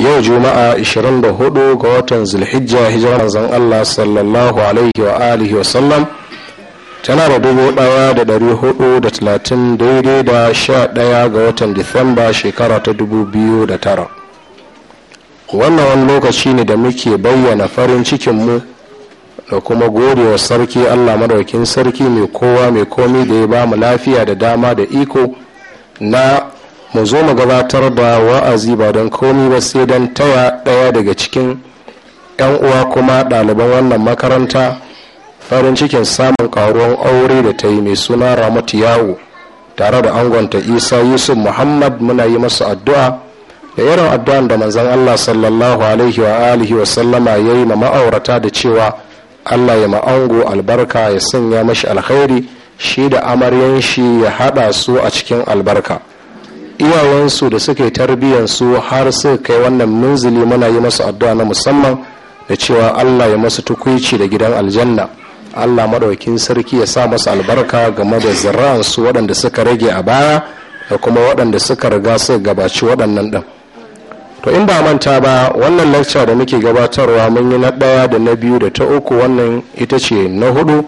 yau juma'a 24 ga watan zulhijja hijira manzon Allah sallallahu alaihi wa alihi wa sallam tana da dubu daya da dari hudu da talatin daidai da sha daya ga watan disamba shekara ta dubu biyu da tara wannan wani lokaci ne da muke bayyana farin cikinmu da kuma godewa sarki allah madaukin sarki mai kowa mai komi da ya ba mu lafiya da dama da iko na mu zo mu gabatar da wa'azi ba don komi ba sai don taya ɗaya daga cikin 'yan uwa kuma ɗaliban wannan makaranta farin cikin samun ƙaruwan aure da ta yi mai suna ramatu yawo tare da angonta isa yusuf muhammad muna yi masu addu'a da irin addu'an da manzon allah sallallahu alaihi wa alihi wa sallama ya yi ma ma'aurata da cewa allah ya ma'ango albarka ya sanya mashi alkhairi shi da amaryan shi ya haɗa su a cikin albarka iyawansu da suke tarbiyyansu har suka kai wannan munzili muna yi masu addu'a na musamman da cewa allah ya masu tukwici da gidan aljanna allah maɗaukin sarki ya sa masu albarka game da zira'ansu waɗanda suka rage a baya da kuma waɗanda suka riga suka gabaci waɗannan ɗin to in ba manta ba wannan lacca da muke gabatarwa mun yi na ɗaya da na biyu da ta uku wannan ita ce na hudu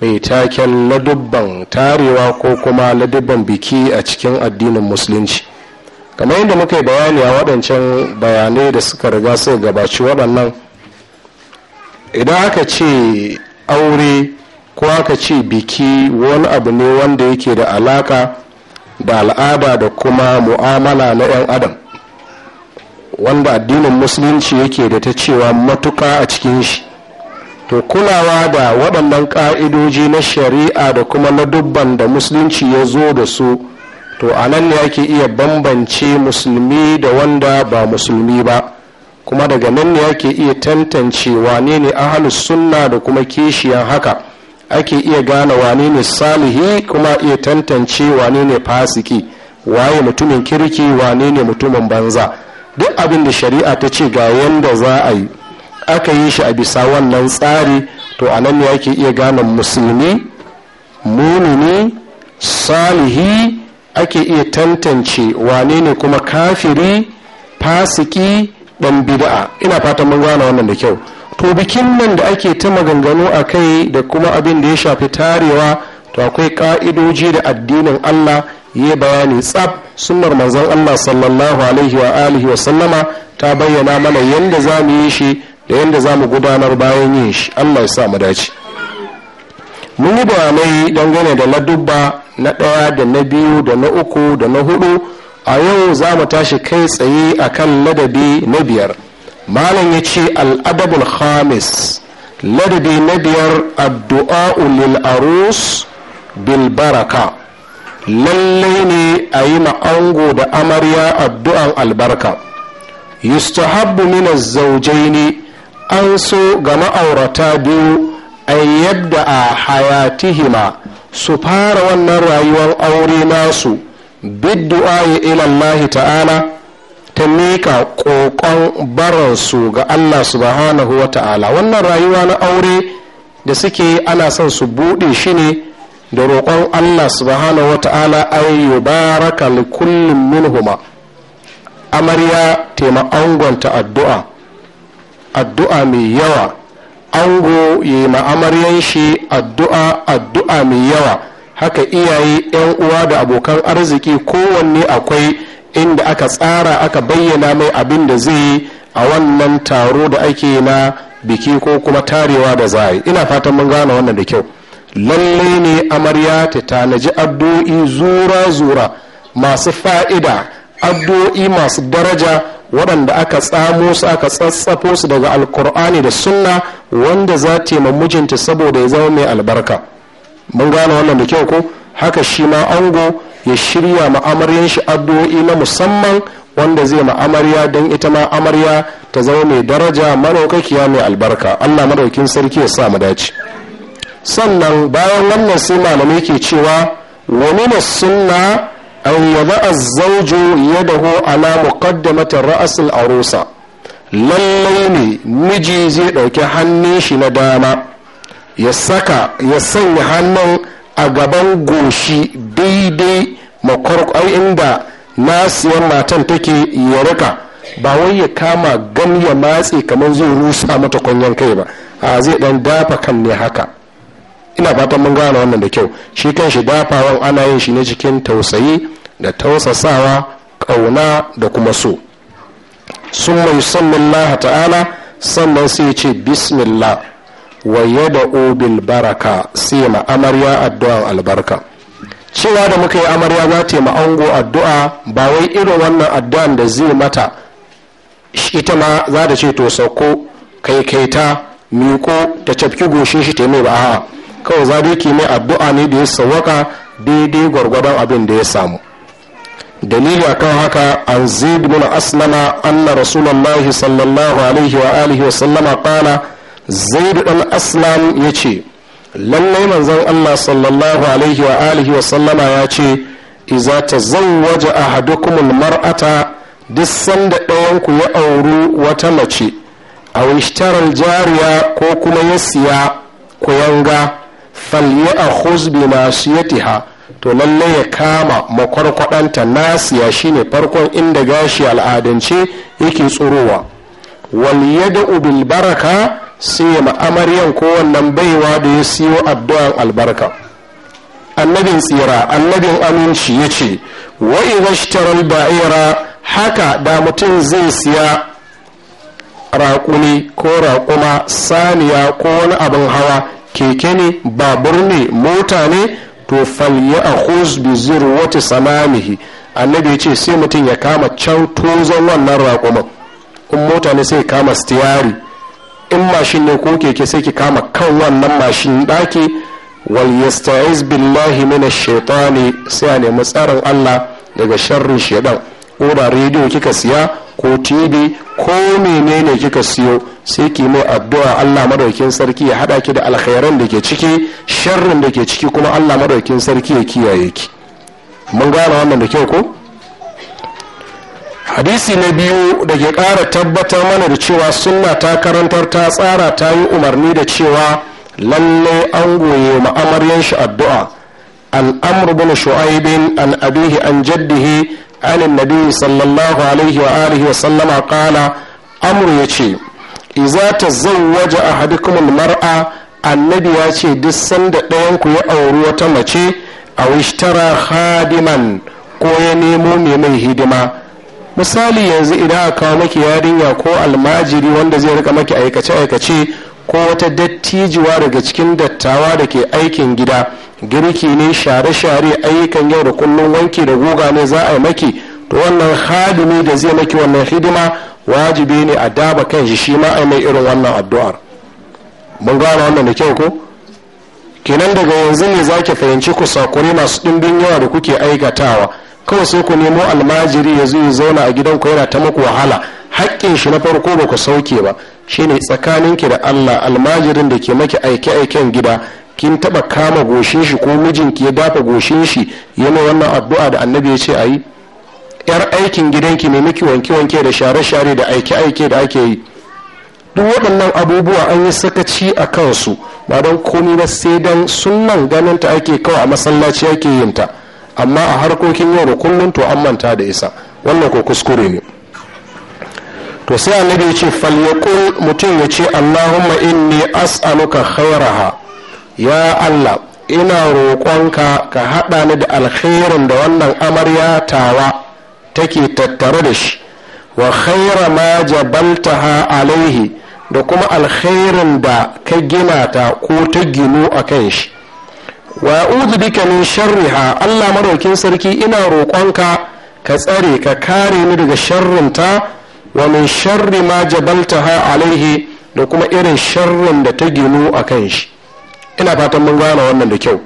mai taken ladubban tarewa ko kuma ladubban biki a cikin addinin musulunci kamar yadda muka bayani a waɗancan bayanai da suka riga suka gabaci waɗannan idan aka ce aure ko aka ce biki wani abu ne wanda yake da alaka da al'ada da kuma mu'amala na 'yan adam wanda addinin musulunci yake da ta cewa matuka a cikin shi to kulawa da waɗannan ƙa'idoji na shari'a da kuma na dubban da musulunci ya zo da su to a nan ne ake iya bambance musulmi da wanda ba musulmi ba kuma daga nan ne ake iya tantance wane ne ahalus sunna da kuma kishiyan haka ake iya gane wane ne salihi kuma iya tantance wane ne fasiki waye mutumin kirki wane ne mutumin banza duk abin da shari'a ta ce ga yanda za a yi aka yi shi a bisa wannan tsari to a nan ne ke iya gane musulmi munini salihi ake iya tantance wane ne kuma kafiri fasiki dan bid'a ina fatan mun gane wannan da kyau to bikin nan da ake ta maganganu a kai da kuma abin da ya shafi tarewa to akwai ka'idoji da addinin allah yi bayani tsab sunnar manzon allah sallallahu alaihi wa alihi wa sallama ta bayyana mana yanda za mu yi shi da yadda za mu gudanar bayan yin shi allah ya sa mu dace mun yi bayanai dangane da na dubba na ɗaya da na biyu da na uku da na hudu a yau za mu tashi kai tsaye a kan ladabi na biyar malam ya ce al'adabul khamis ladabi na biyar addu'a lil arus bil baraka lallai ne a yi ma'ango da amarya addu'an albarka yustahabbu min ne an so ga ma'aurata biyu a yadda a hayatihima su fara wannan rayuwar aure nasu biddu'a ilallahi ta'ala ta mika ƙoƙon baransu ga allah subhanahu wa ta'ala wannan rayuwa na aure da suke ana son su buɗe shi ne da roƙon allah subhanahu wa ta'ala an yi baraka kullum minhuma amarya taimakon gwanta addu'a addu'a mai yawa ango ya yi ma'amaryan shi addu'a addu'a mai yawa haka iyaye yan uwa da abokan arziki kowanne akwai inda aka tsara aka bayyana mai abin da zai yi a wannan taro da ake na biki ko kuma tarewa da za ina fatan mun gane wannan da kyau lalle ne amarya ta tanaji addu'o'i zura-zura masu fa'ida addu'o'i masu daraja waɗanda aka tsamo su aka tsatsafo su daga alkur'ani da sunna wanda za ta yi mijinta saboda ya zama mai albarka mun gane wannan da kyau ko haka shi ma ango ya shirya ma'amaryan shi addu'o'i na musamman wanda zai ma'amarya don ita ma amarya ta zama mai daraja maraukakiya mai albarka allah maɗaukin sarki ya sa mu dace sannan bayan wannan sai malamai ke cewa wani sunna an yaba azzauju yadahu ala muqaddamati ra'asin arusa lallai ne miji zai ɗauki hannun shi na dama ya ya sanya hannun a gaban goshi daidai makwarkwai inda nasiyan matan take ya rika ba wai ya kama gam ya matse kamar zai rusa mata kunyan kai ba a zai ɗan dafa kan ne haka ina fatan mun gane wannan da kyau shi kan shi dafawan ana yin shi ne cikin tausayi da tausasawa kauna da kuma so sun mai son sallallahu ta'ala sannan sai ce bismillah wa da bil baraka sai ma amarya addu'an albarka cewa da muka yi amarya za ta yi ango addu'a ba wai irin wannan addu'an da zai mata ita ma za ta ce to sauko kai kai ta miko ta cafki goshin shi ta mai ba kawai za dai ke mai addu'a ne da ya sawaka daidai gwargwadon abin da ya samu dalili a kan haka an zaid bin aslama anna rasulullahi sallallahu alaihi wa alihi wa sallama qala zaid dan aslam ce lallai manzon Allah sallallahu alaihi wa alihi wa sallama ya ce iza tazawwaja ahadukum almar'ata duk sanda ɗayan ku ya auri wata mace a ishtaral jariya ko kuma ya siya ku yanga a falye su ya nasiyatiha to lalle ya kama makwarkwadanta nasiya shine farkon inda gashi al'adance yake tsurowa wal da ubil baraka sai ya ma'amaryan ko wannan baiwa da ya siyo addu'an albarka annabin tsira annabin aminci ya ce wai idhashtaral ba'ira haka da mutum zai siya raƙuni ko raƙuma saniya ko wani abin hawa keke ne babur ne mota ne to fal ya a bi wata samamihi annabi ce sai mutum ya kama can tozon wannan raƙuman in mota ne sai kama stiyari in mashin ne ko keke sai ki kama kan wannan mashin ɗaki wal yasta'iz billahi minash shaitani sai a nemi tsarin Allah daga sharrin shaidan ko da rediyo kika siya ko tv ko menene kika siyo sai ki mai addu'a Allah madaukin sarki ya hada ki da alkhairan da ke ciki sharrin da ke ciki kuma Allah madaukin sarki ya kiyaye ki mun gane wannan da kyau ko hadisi na biyu da ke ƙara tabbatar mana da cewa sunna ta karantar ta tsara ta yi umarni da cewa lalle an goye ma'amaryan shi addu'a al'amru bin shu'aibin an abihi an jaddihi an nabi sallallahu alaihi wa alihi wa sallama qala amru yace iza ta zawwaja hadikumul mar'a annabi ya ce duk sanda ɗayan ku ya auri wata mace a wishtara hadiman ko ya nemo mai mai hidima misali yanzu idan a kawo maki yarinya ko almajiri wanda zai rika maki aikace aikace ko wata dattijuwa daga cikin dattawa da ke aikin gida girki ne share-share ayyukan yau da kullum wanki da guga ne za a yi maki to wannan hadimi da zai maki wannan hidima wajibi ne a daba kan shi shi ma mai irin wannan addu'ar mun gane wannan da kyau ko kenan daga yanzu ne za ki fahimci ku sakuri masu ɗimbin yawa da kuke aikatawa kawai sai ku nemo almajiri ya zo ya zauna a gidan ku yana ta muku wahala haƙƙin shi na farko ba ku sauke ba shine ki da allah almajirin da ke maki aike-aiken gida kin taɓa kama goshin shi ko mijinki ya dafa goshin shi yana wannan addu'a da annabi ya ce a yi yar aikin gidanki mai miki wanke-wanke da share-share da aike-aike da ake yi duk waɗannan abubuwa an yi sakaci a kansu ba don komi ba sai don sunan ganin ta ake kawai a masallaci ake yin ta amma a harkokin yau da kullum to an manta da isa wannan ko kuskure ne to sai annabi ya ce falyakul mutum ya ce allahumma inni as'aluka khairaha ya allah ina roƙonka ka haɗa ni da alkhairin da wannan amarya tawa take tattare da shi wa khaira ma jabaltaha alaihi da kuma alkhairin da ka gina ta ko ta ginu a kan shi wa udu bika min sharriha Allah madaukin sarki ina roƙonka ka tsare ka kare ni daga sharrinta wa min sharri ma jabaltaha alaihi da kuma irin sharrin da ta ginu a kan shi ina fatan mun gane wannan da kyau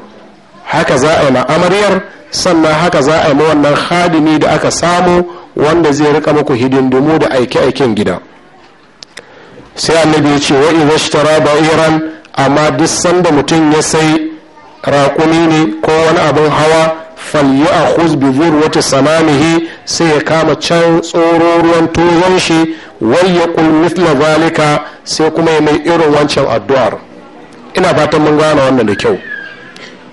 haka za a yi ma'amaryar sannan haka za a yi ma wannan hadimi da aka samu wanda zai rika muku hidindumu da aike-aiken gida sai annabi ya ce wa'i ba iran amma duk sanda mutum ya sai raƙumi ne ko wani abin hawa falyi a bi wata sanamihi sai ya kama can tsororuwan tozon shi wai ya mithla zalika sai kuma ya mai irin wancan addu'ar ina fatan mun gane wannan da kyau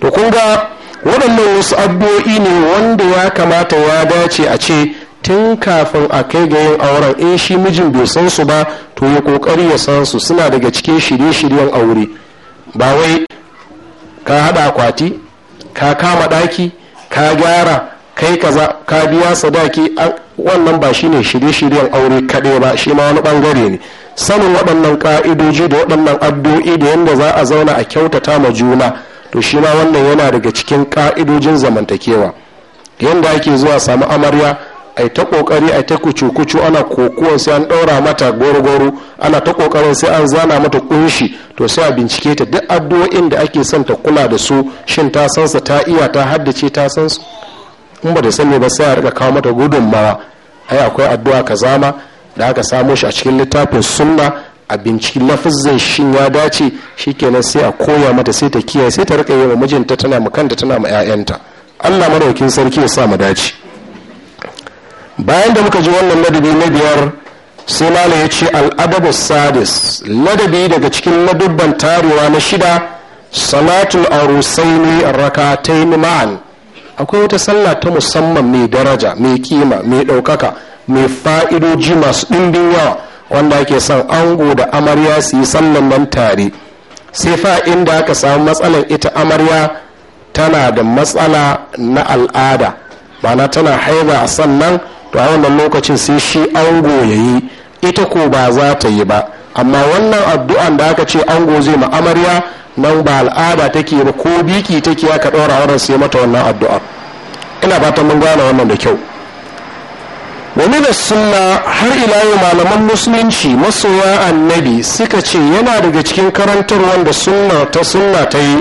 to kun ga waɗannan wasu addu'o'i ne wanda ya kamata ya dace a ce tun kafin a kai ga yin auren in eh, shi mijin bai san su ba to ya kokari ya san su suna daga cikin shirye-shiryen aure ba wai ka haɗa akwati ka kama ɗaki ka gyara kai kaza ka biya sadaki wannan ba shine shirye-shiryen aure kaɗai ba shi ma wani ɓangare ne sanin waɗannan ƙa'idoji da waɗannan addu'o'i da yadda za a zauna a kyautata ma juna to shi ma wannan yana daga cikin ka'idojin zamantakewa yadda ake zuwa samu amarya ai ta kokari ai ta kucu-kucu ana kokuwan sai an ɗaura mata goro-goro ana ta kokarin sai an zana mata kunshi to sai a bincike ta duk addu'o'in da ake son ta kula da su shin ta san su ta iya ta haddace ta san su in ba da sani ba sai a rika kawo mata gudunmawa ai akwai addu'a kaza ma da aka samo shi a cikin littafin sunna a binciki lafazin shin ya dace shikenan sai a koya mata sai ta kiyaye sai ta rika yi wa mijinta tana ma kanta tana ma 'ya'yanta allah madaukin sarki ya sa mu dace bayan da muka ji wannan ladabi na biyar sai mala ya ce al'adabu sadis ladabi daga cikin ladubban tarewa na shida salatul arusaini rakataini ma'an akwai wata sallah ta musamman mai daraja mai kima mai ɗaukaka mai fa'idoji masu ɗimbin yawa wanda ake son ango da amarya su yi sallan nan tare sai fa inda aka samu matsalar ita amarya tana da matsala na al'ada mana tana haiba a sannan to a wannan lokacin sai shi ango ya yi ita ko ba za ta yi ba amma wannan addu'an da aka ce ango zai ma amarya nan ba al'ada take ba ko biki take ka ɗora wannan sai mata wannan addu'a ina fatan mun gane wannan da kyau wani da suna har ila yau malaman musulunci masoya annabi suka ce yana daga cikin karantar wanda suna ta sunna ta yi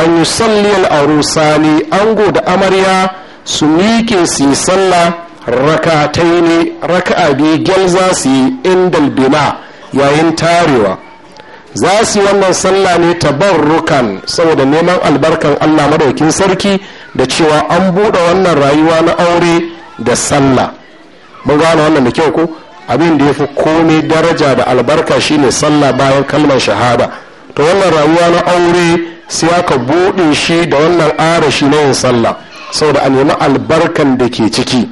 an yi salliyar arusani ango da amarya su miƙe su yi sallah rakatai ne raka biyu gyal za su yi indal bina yayin tarewa za su yi wannan sallah ne ta tabarrukan saboda neman albarkan allah madaukin sarki da cewa an buɗe wannan rayuwa na aure da sallah mun gano wannan da kyau ko abin da ya fi komai daraja da albarka shine sallah bayan kalmar shahada to wannan rayuwa na aure sai aka buɗe shi da wannan arashi na yin sallah saboda a nemi albarkan da ke ciki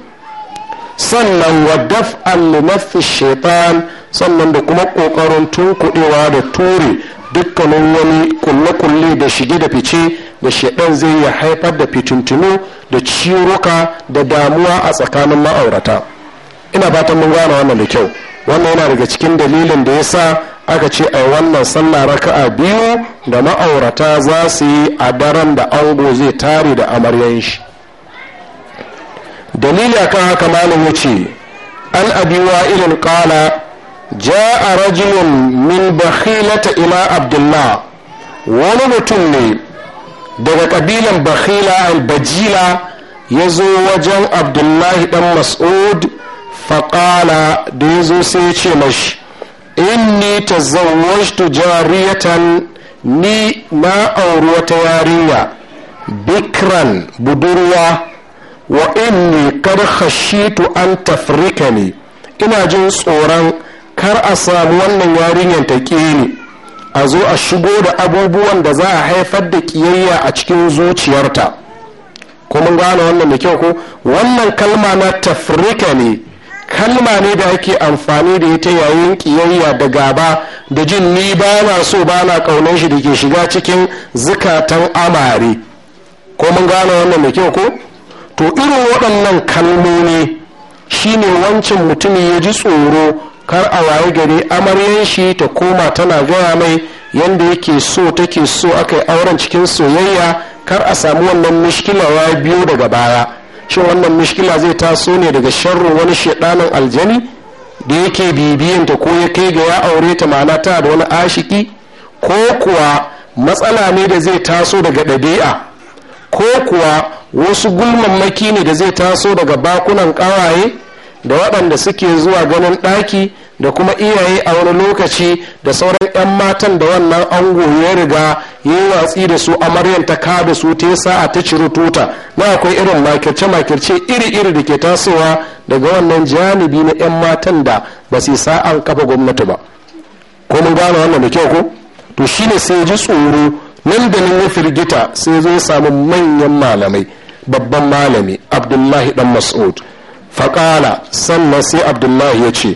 sannan wa daf'an nafsi shaitan sannan da kuma ƙoƙarin tunkuɗewa da ture dukkanin wani kulle-kulle da shige da fice da shaidan zai ya haifar da fitintunu da ciruka da damuwa a tsakanin ma'aurata ina fatan mun gane wannan da kyau wannan yana daga cikin dalilin da yasa aka ce a wannan sallah raka'a biyu da ma'aurata za su yi a daren da ango zai tare da amaryan shi dalili akan haka malam ya ce an abi kala ja a rajulun min bakhilata ila abdullah wani mutum ne daga kabilan bakhila al-bajila ya zo wajen abdullahi dan mas'ud faƙala da ya zo sai ce mashi ta tazawwajtu jariyatan ni na auri wata yarinya bikran budurwa wa in ni kar khashitu an ne ina jin tsoron kar a samu wannan yarinyar ta ni a zo a shigo da abubuwan da za a haifar da ƙiyayya a cikin zuciyarta ko gane wannan da kyau ko wannan kalma na tafrika ne kalma ne da ake amfani da ita yayin kiyayya da gaba da jin ni ba na so ba na kaunar shi da ke shiga cikin zukatan amare ko mun gane wannan da kyau ko to irin waɗannan kalmomi shine wancan mutum ya ji tsoro kar a waye gari amaryar shi ta koma tana gaya mai yanda yake so take so aka yi auren cikin soyayya kar a samu wannan mishkila biyu daga baya shin wannan mishkila zai taso ne daga sharrin wani shaɗanin aljani da yake bibiyanta ko ya kai ga ya aure ta ma'ana ta da wani ashiki ko kuwa matsala ne da zai taso daga ɗabi'a ko kuwa wasu gulmammaki ne da zai taso daga bakunan ƙawaye da waɗanda suke zuwa ganin ɗaki da kuma iyaye a wani lokaci da sauran 'yan matan da wannan ango ya riga ya yi watsi da su amaryan ta ka da su ta sa'a ta ciro tuta na akwai irin makirce makirce iri iri da ke tasowa daga wannan janibi na 'yan matan da ba su an kafa gwamnati ba ko mun gane wannan da kyau ko to shine sai ji tsoro nan da nan ya firgita sai zai samu manyan malamai babban malami abdullahi dan mas'ud Fakala sannan sai abdullahi ya ce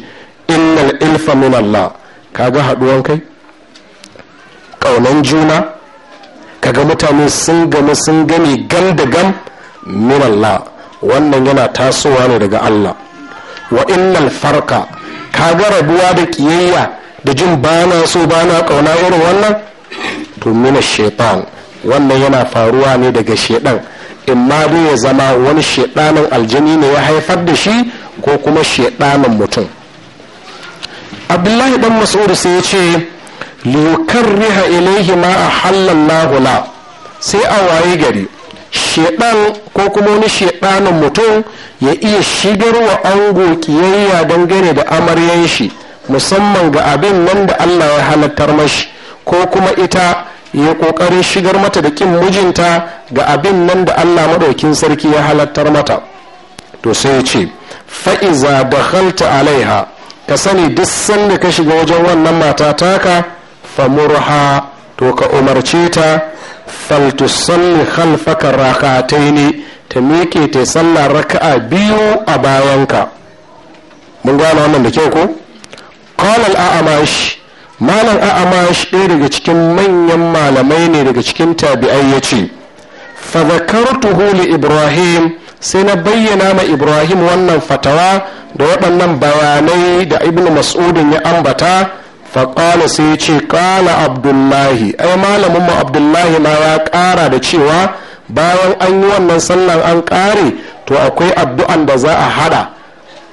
innal ilfa min Allah kaga haduwan kai kaunan juna kaga mutane sun gami sun gane gam da gam min Allah wannan yana tasowa ne daga Allah wa innal farka kaga rabuwa da kiyayya da jin bana so bana kauna irin wannan to min shaitan wannan yana faruwa ne daga shaitan imma dai ya zama wani shaidanin aljani ne ya haifar da shi ko kuma shaidanin mutum abdullahi dan mas'ud sai ya ce riha ilaihi ma a hallallahu la sai a waye gari shedan ko kuma wani shedanin mutum ya iya shigar wa ango kiyayya dangane da amaryan shi musamman ga abin nan da allah ya halattar mashi ko kuma ita ya kokarin shigar mata da kin mijinta ga abin nan da allah maɗaukin sarki ya halattar mata to sai ya ce fa'iza da alaiha ka sani duk sanda ka shiga wajen wannan mata taka famurha to ka umarce ta faltusalli rakatai ne ta miƙe ta sallah raka'a biyu a bayanka mun gane wannan da kyau ko qala al-a'mash malam a'mash ɗaya daga cikin manyan malamai ne daga cikin tabi'ai yace fa zakartuhu ibrahim sai na bayyana ma ibrahim wannan fatawa da waɗannan bayanai da ibnu mas'udin ya ambata faƙala sai ce ƙala abdullahi ai malamin mu abdullahi ma ya ƙara da cewa bayan an yi wannan sallan an ƙare to akwai addu'an da za a haɗa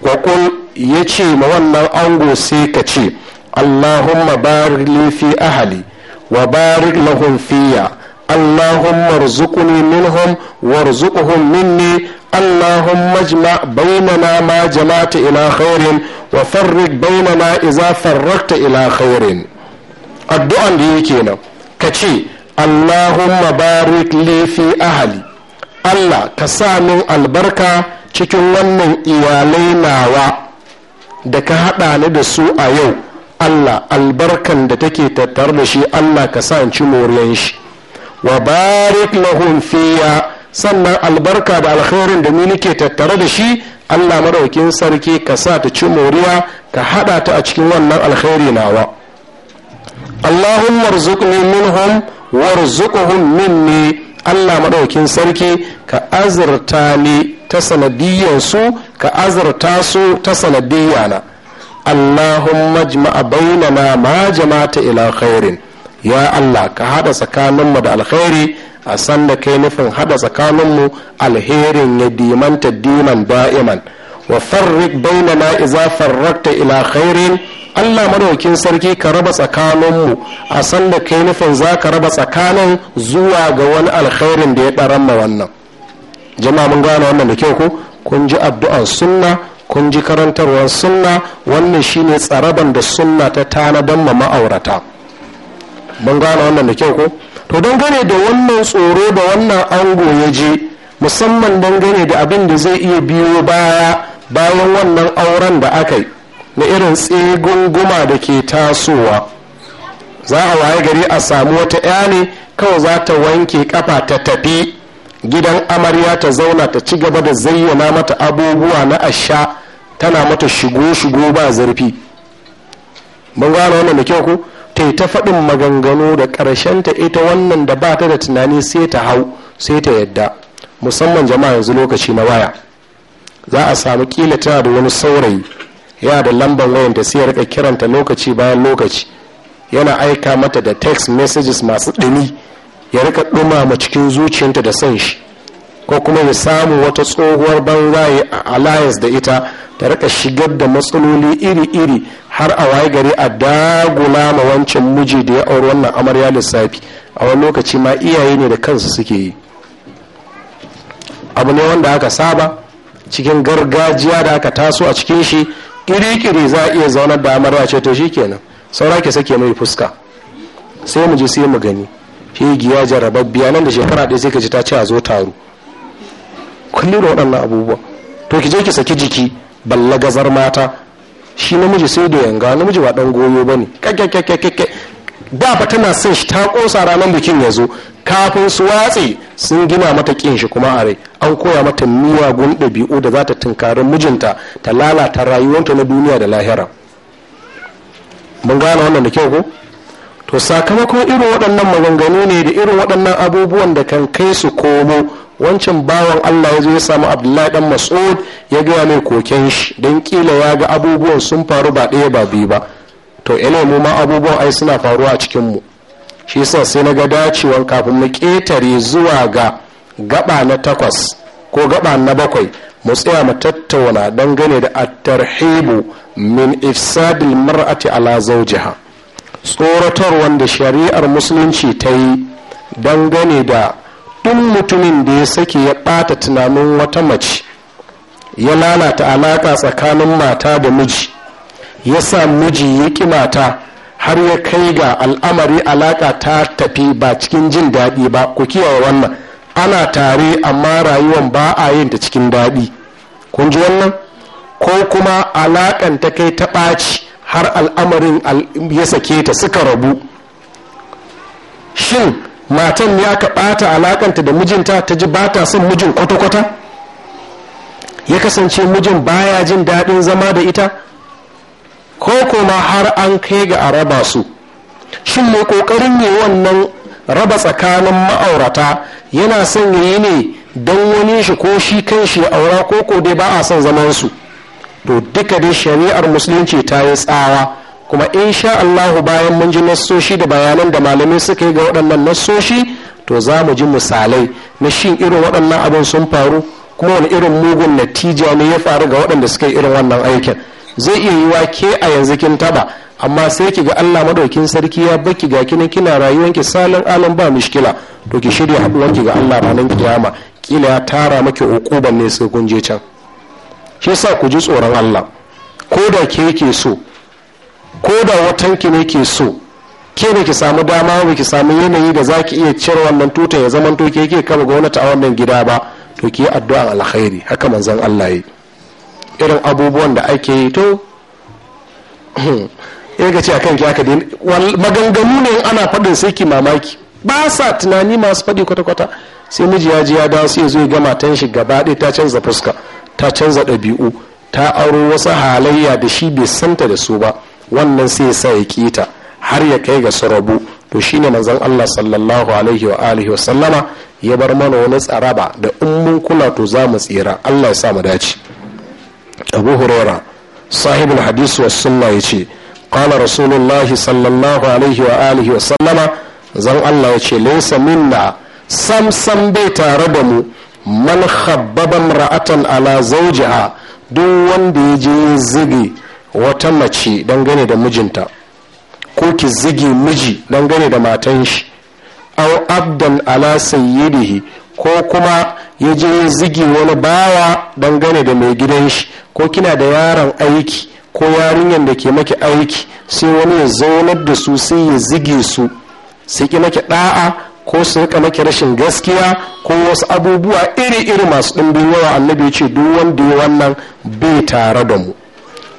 wakul ya ce ma wannan ango sai ka ce allahumma barik li fi ahali wa barik lahum fiya اللهم ارزقني منهم وارزقهم مني اللهم اجمع بيننا ما جمعت إلى خير وفرق بيننا إذا فرقت إلى خير الدعاء دي كينا كتي اللهم بارك لي في أهلي الله كسامي البركة cikin wannan iyalai nawa da ka haɗa ni da su a yau allah albarkan da take tattar da shi allah ka sa in ci moriyan shi wa barik lahum fiya sannan albarka da alkhairin da ni nake tattare da shi Allah madaukin sarki ka sa ta ci moriya ka hada ta a cikin wannan alkhairi nawa Allahumma arzuqni minhum warzuqhum minni Allah madaukin sarki ka azurta ni ta sanadiyyar su ka azurta su ta sanadiyya na Allahumma jma'a bainana ma jama'ata ila khairin ya Allah ka haɗa tsakaninmu da alkhairi a sanda kai nufin haɗa tsakaninmu alherin ya dimanta diman da'iman wa farrik na iza farrakta ila khairin Allah madaukin sarki ka raba tsakaninmu a sanda kai nufin za ka raba tsakanin zuwa ga wani alkhairin da ya ma wannan jama'a mun gane wannan da kyau ko kun ji addu'an sunna kun ji karantarwar sunna wannan shine tsaraban da sunna ta tanadan ma ma'aurata ban gane wannan da kyau ko to don gane da wannan tsoro da wannan ango ya je musamman don gane da abin da zai iya biyo baya bayan wannan auren da aka yi na irin tsegunguma da ke tasowa za a waye gari a samu wata ya ne kawai za ta wanke kafa ta tafi gidan amarya ta zauna ta ci gaba da zayyana mata abubuwa na asha tana mata shigo-shigo ba zurfi mun gane wannan da kyau ko ta ta faɗin maganganu da ta ita wannan da ba ta da tunani sai ta hau sai ta yadda musamman jama'a yanzu lokaci na waya za a samu ƙila tana da wani saurayi yana da lambar wayan ta sai ya rika kiranta lokaci bayan lokaci yana aika mata da text messages masu ɗumi ya rika ɗumama cikin zuciyarta da son shi ko kuma ya samu wata tsohuwar banzaye a alliance da ita ta rika shigar da matsaloli iri-iri har a waye gari a dagula ma wancan miji da ya auri wannan amarya lissafi a wani lokaci ma iyaye ne da kansu suke yi abu ne wanda aka saba cikin gargajiya da aka taso a cikin shi kiri-kiri za a iya zaunar da amarya ce to shi kenan saura ke sake mai fuska sai mu je sai mu gani shi giya jarababbiya nan da shekara ɗaya sai ka ji ta ce a zo taro kulli da waɗannan abubuwa to ki je ki saki jiki balla gazar mata shi namiji sai da yanga namiji ba dan goyo ba ne da fa tana son shi ta kosa ranar bikin ya zo kafin su watse sun gina mata kin shi kuma a rai an koya mata miyagun ɗabi'u da za ta tunkarin mijinta ta lalata rayuwanta na duniya da lahira mun gane wannan da kyau ko to sakamakon irin waɗannan maganganu ne da irin waɗannan abubuwan da kan kai su komo wancan bawan allah ya zo ya samu abdullahi dan mas'ud ya gaya mai koken shi dan kila ya ga abubuwan sun faru ba ɗaya ba biyu ba to ina mu ma abubuwan ai suna faruwa a cikin mu shi yasa sai na ga dacewan kafin mu ƙetare zuwa ga gaba na takwas ko gaba na bakwai mu tsaya mu tattauna dangane da at-tarhibu min ifsadil mar'ati ala zawjiha tsoratar wanda shari'ar musulunci ta yi dangane da duk mutumin da ya sake ya ɓata tunanin wata mace ya lalata alaƙa tsakanin mata da miji ya sa miji ya ƙi mata har ya kai ga al'amari alaƙa ta tafi ba cikin jin daɗi ba ku kiyaye wannan ana tare amma rayuwan ba a yin ta cikin daɗi kun ji wannan ko kuma alaƙan ta kai ta ɓaci har al'amarin ya sake ta suka rabu shin matan ya ka ɓata alakanta da mijinta ta ji bata son mijin kwata-kwata ya kasance mijin baya jin daɗin zama da ita ko kuma har an kai ga a raba su shin mai ƙoƙarin ne wannan raba tsakanin ma'aurata yana son yi ne don wani shi ko shi kan shi aura ko ko dai ba a son zamansu? su to duka dai shari'ar musulunci ta yi tsawa kuma in sha Allahu bayan mun ji nassoshi da bayanan da malamai suka yi ga waɗannan nasoshi to za mu ji misalai na shin irin waɗannan abin sun faru kuma wani irin mugun natija ne ya faru ga waɗanda suka yi irin wannan aikin zai iya yiwa ke a yanzu kin taba amma sai ki ga Allah madaukin sarki ya baki ga kina kina rayuwanki salin alam ba mishkila to ki shirya ki ga Allah ranar kiyama kila ya tara maki ukuban ne sai kun je can shi yasa ku ji tsoron Allah ko da ke yake so ko da watanki ne ke so ke ne ki samu dama ba ki samu yanayi da za ki iya cire wannan tuta ya zama to ke ke kama gwamnati a wannan gida ba to ki addu'a alkhairi haka manzon Allah yi irin abubuwan da ake yi to in ga ce a kan aka daina maganganu ne ana faɗin sai ki mamaki ba sa tunani masu faɗi kwata-kwata sai miji ya ji ya dawo sai zo ya gama tan shi gaba ɗaya ta canza fuska ta canza ɗabi'u ta aro wasu halayya da shi bai santa da su ba wannan sai sa ya kita har ya kai ga su rabu to shine manzon Allah sallallahu alaihi wa alihi wa sallama ya bar mana wani tsaraba da in kula to za mu tsira Allah ya sa mu dace Abu Huraira sahibul hadisi wa sunna yace qala rasulullah sallallahu alaihi wa alihi wa sallama zan Allah yace laysa minna sam sam bai tare da mu man khabbaba ra'atan ala zawjiha duk wanda ya je zige wata mace dangane da mijinta ko ki zige miji dangane da matan shi au abdan ala sayyidihi ko kuma ya je ya zige wani bawa dangane da mai gidan shi ko kina da yaron aiki ko yarinyar da ke maki aiki sai wani ya zaunar da su sai ya zige su sai ki maki da'a ko su rika maki rashin gaskiya ko wasu abubuwa iri-iri masu ɗimbin yawa annabi ce duk wanda ya wannan bai tare da mu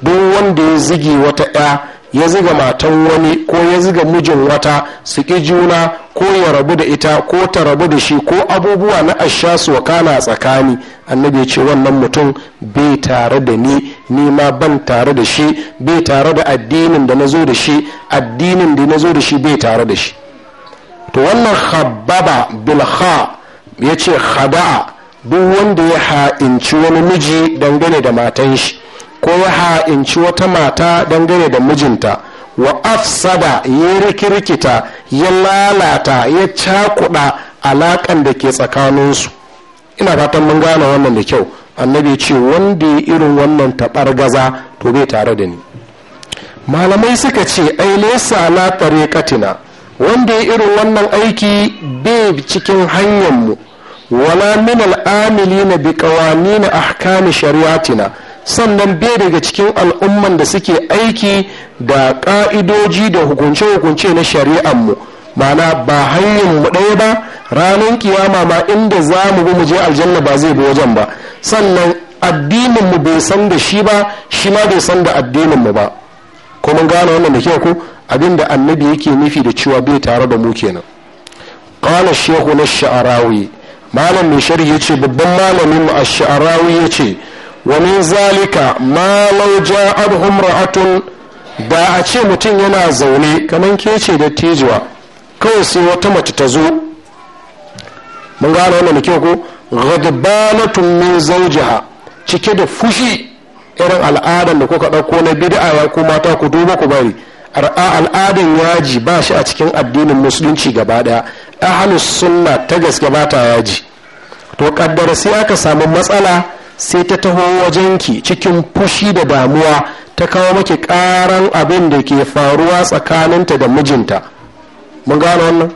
duk wanda ya zige wata ɗaya ya ziga matan wani ko ya ziga mijin wata su ƙi juna ko ya rabu da ita ko ta rabu da shi ko abubuwa na asha su wakana tsakani annabi ce wannan mutum bai tare da ni ni ma ban tare da shi bai tare da addinin da na zo da shi addinin da na zo da shi bai tare da shi to wannan hababa bilha ya ce hada'a duk wanda ya ha'inci wani miji dangane da matan shi ko ya ha'inci wata mata dangane da mijinta wa afsada ya rikirkita ya lalata ya cakuɗa alaƙan da ke tsakaninsu ina fatan mun gane wannan da kyau annabi ce wanda ya irin wannan taɓar gaza to bai tare da ni malamai suka ce ai lesa na katina wanda ya irin wannan aiki bai cikin hanyarmu wala min al'amili na bi na ahkami shari'atina sannan bai daga cikin al'umman da suke aiki da ƙa'idoji da hukunce-hukunce na shari'ar mu. mana ba hanyar mu ɗaya ba ranar kiyama ma inda za mu bi mu je aljanna ba zai bi wajen ba sannan addininmu bai san da shi ba shi ma bai san da addinin mu ba kuma mun gane wannan da kyau ko abin annabi yake nufi da cewa bai tare da mu kenan qala shehu na sha'arawi malam mai sharhi yace babban malamin mu a shaarawi ce. Wani zalika ma law ja'adhum ra'atun da a ce mutum yana zaune kamar ke ce da kawai sai wata mace ta zo mun gane wannan kyau ko ghadbanatun min zawjiha cike da fushi irin al'adan da kuka ɗauko na bid'a ya ko mata ku duba ku bari al'adan yaji ba shi a cikin addinin musulunci gaba daya ahlus sunna ta gaske bata yaji to kaddara sai aka samu matsala sai ta taho wajenki cikin fushi da damuwa ta kawo maki karan abin da ke faruwa tsakaninta da mijinta mun gano wannan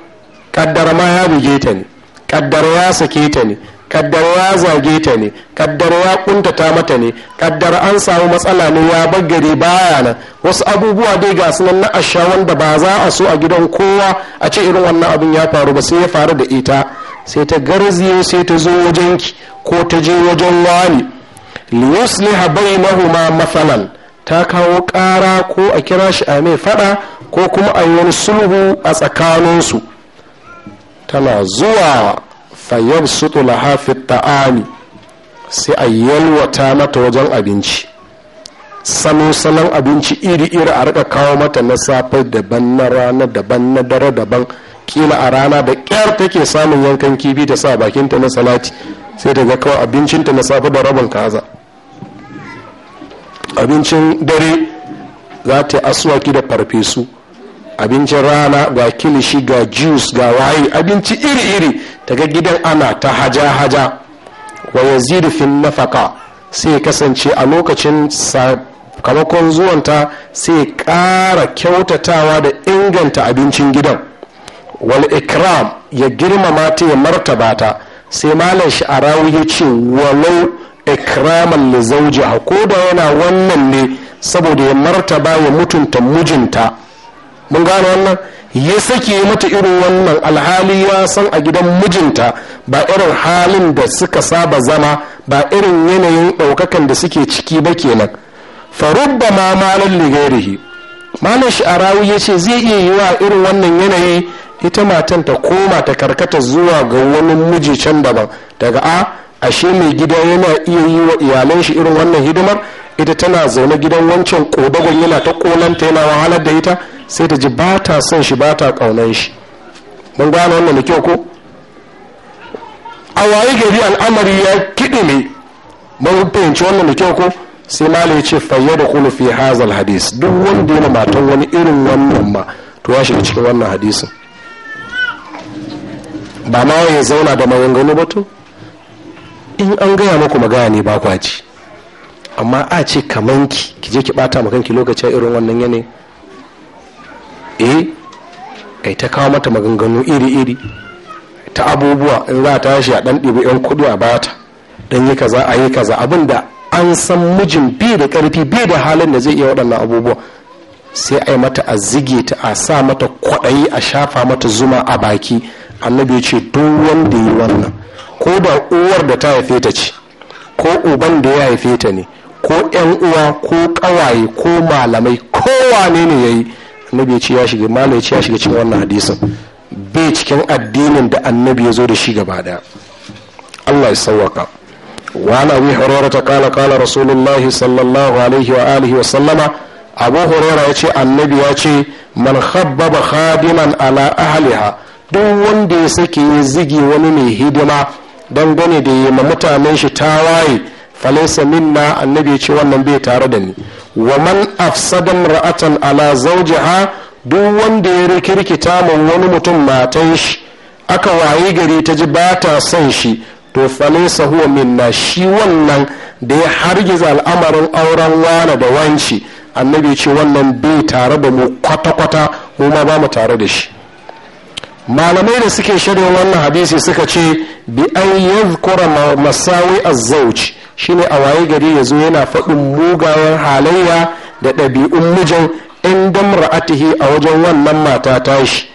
kaddara ma ya buge ta ne kaddara ya sake ta ne kaddara ya zage ta ne kaddara ya kuntata mata ne kaddara an samu matsala ne ya baggare baya nan wasu abubuwa dai ga sunan na asha wanda ba za a so a gidan kowa a ce irin wannan abin ya faru ba sai ya faru da ita sai ta garziye sai ta zo wajenki ko ta je wajen wani na bainahuma mathalan ta kawo ƙara ko a kira shi a mai fada ko kuma a yi wani sulhu a tsakaninsu tana zuwa fayyar sutu lahafi ta'ani sai a yalwata mata wajen abinci salo salon abinci iri-iri a rika kawo mata na safe daban na rana daban na dare daban kila a rana da kyar take samun yankan kifi da sa bakinta na salati sai daga kawai abincinta na safe da rabin kaza abincin dare za ta yi asuwaki da farfesu abincin rana ga kilishi ga juice ga waye abinci iri-iri daga gidan ana ta haja-haja wa ya zirfin nafaka sai kasance a lokacin sakamakon zuwanta sai kara kyautatawa da inganta abincin gidan wal ikram ya girmama ta ya martaba ta sai malam sha'arawi ya ce walau ikraman li zaujiha ko da yana wannan ne saboda ya martaba ya mutunta mijinta mun gano wannan ya sake mata irin wannan alhali ya san a gidan mijinta ba irin halin da suka saba zama ba irin yanayin ɗaukakan da suke ciki ba kenan farubba ma malin ligairihi malin sha'arawi ya ce zai iya yi wa irin wannan yanayi ita matan ta koma ta karkata zuwa ga wani miji can daban daga a ashe mai gida yana iya yi wa iyalan shi irin wannan hidimar ita tana zaune gidan wancan kodagon yana ta kolanta yana wahalar da ita sai ta ji ba ta son shi ba ta kaunan shi mun gane wannan da kyau ko a waye gari al'amari ya kiɗi ne mun fahimci wannan da kyau ko sai malam ya ce fayya da kulu fi hazal hadis duk wanda yana matan wani irin wannan ma to ya shiga cikin wannan hadisin ba ma ya zauna da maganganu ba to in an gaya muku magana ne ba kwa ji amma a ce kaman ki ki je ki bata ma kanki lokacin irin wannan yanayi eh kai ta kawo mata maganganu iri-iri ta abubuwa in za ta tashi a dan ɗibi 'yan kudu a bata dan yi kaza a yi kaza abin da an san mijin bai da karfi bai da halin da zai iya waɗannan abubuwa sai a yi mata a zige ta a sa mata kwaɗayi a shafa mata zuma a baki annabi ya ce duk wanda yi wannan ko da uwar da ta haife ta ce ko uban da ya haife ta ne ko yan uwa ko kawaye ko malamai ko wane ne ya yi annabi ya ce ya shiga malai ce ya shiga cikin wannan hadisin bai cikin addinin da annabi ya zo da shi gaba daya allah ya sawwaka ta kala kala rasulullahi sallallahu alaihi wa alihi wa sallama abu وسلم ya ce annabi ya ce man khabbaba khadiman ala ahliha duk wanda ya sake ya zige wani mai hidima don dangane da yi ma mutanen shi ta tawaye falaisa minna annabi ce wannan bai tare da ni wa man afsada ra'atan ala zawjiha duk wanda ya rikirkita ma wani mutum matan shi aka waye gari ta ji ba ta son shi to falaisa huwa minna shi wannan da ya hargiza al'amarin auren wana da wanci annabi ce wannan bai tare da mu kwata-kwata mu ma ba mu tare da shi malamai da suke shirin wannan hadisi suka ce bi an yadhkura masawi az-zawj shine a waye gari yazo yana faɗin mugayen halayya da ɗabi'un mijin inda atihi a wajen wannan mata tashi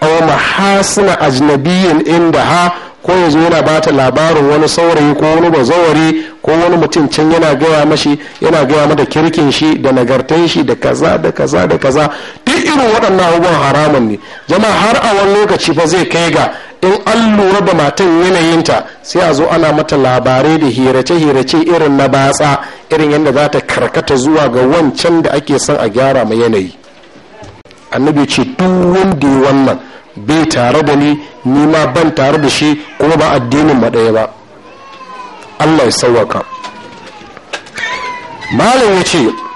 aw mahasina ajnabiyyin inda ha ko zo yana bata labarin wani saurayi ko wani bazawari ko wani mutum can yana gaya mashi yana gaya mata kirkin shi da nagartan shi da kaza da kaza da kaza irin waɗannan abubuwan haramun ne jama'a har a wani lokaci ba zai kai ga in an lura da matan yanayinta sai a zo ana mata labarai da hirace-hirace irin na batsa irin yadda za ta karkata zuwa ga wancan da ake son a gyara ma yanayi annabi ce duk wanda ya wannan bai tare da ni ni ma ban tare da shi kuma ba addinin ɗaya ba allah ya sauwaka malam ya ce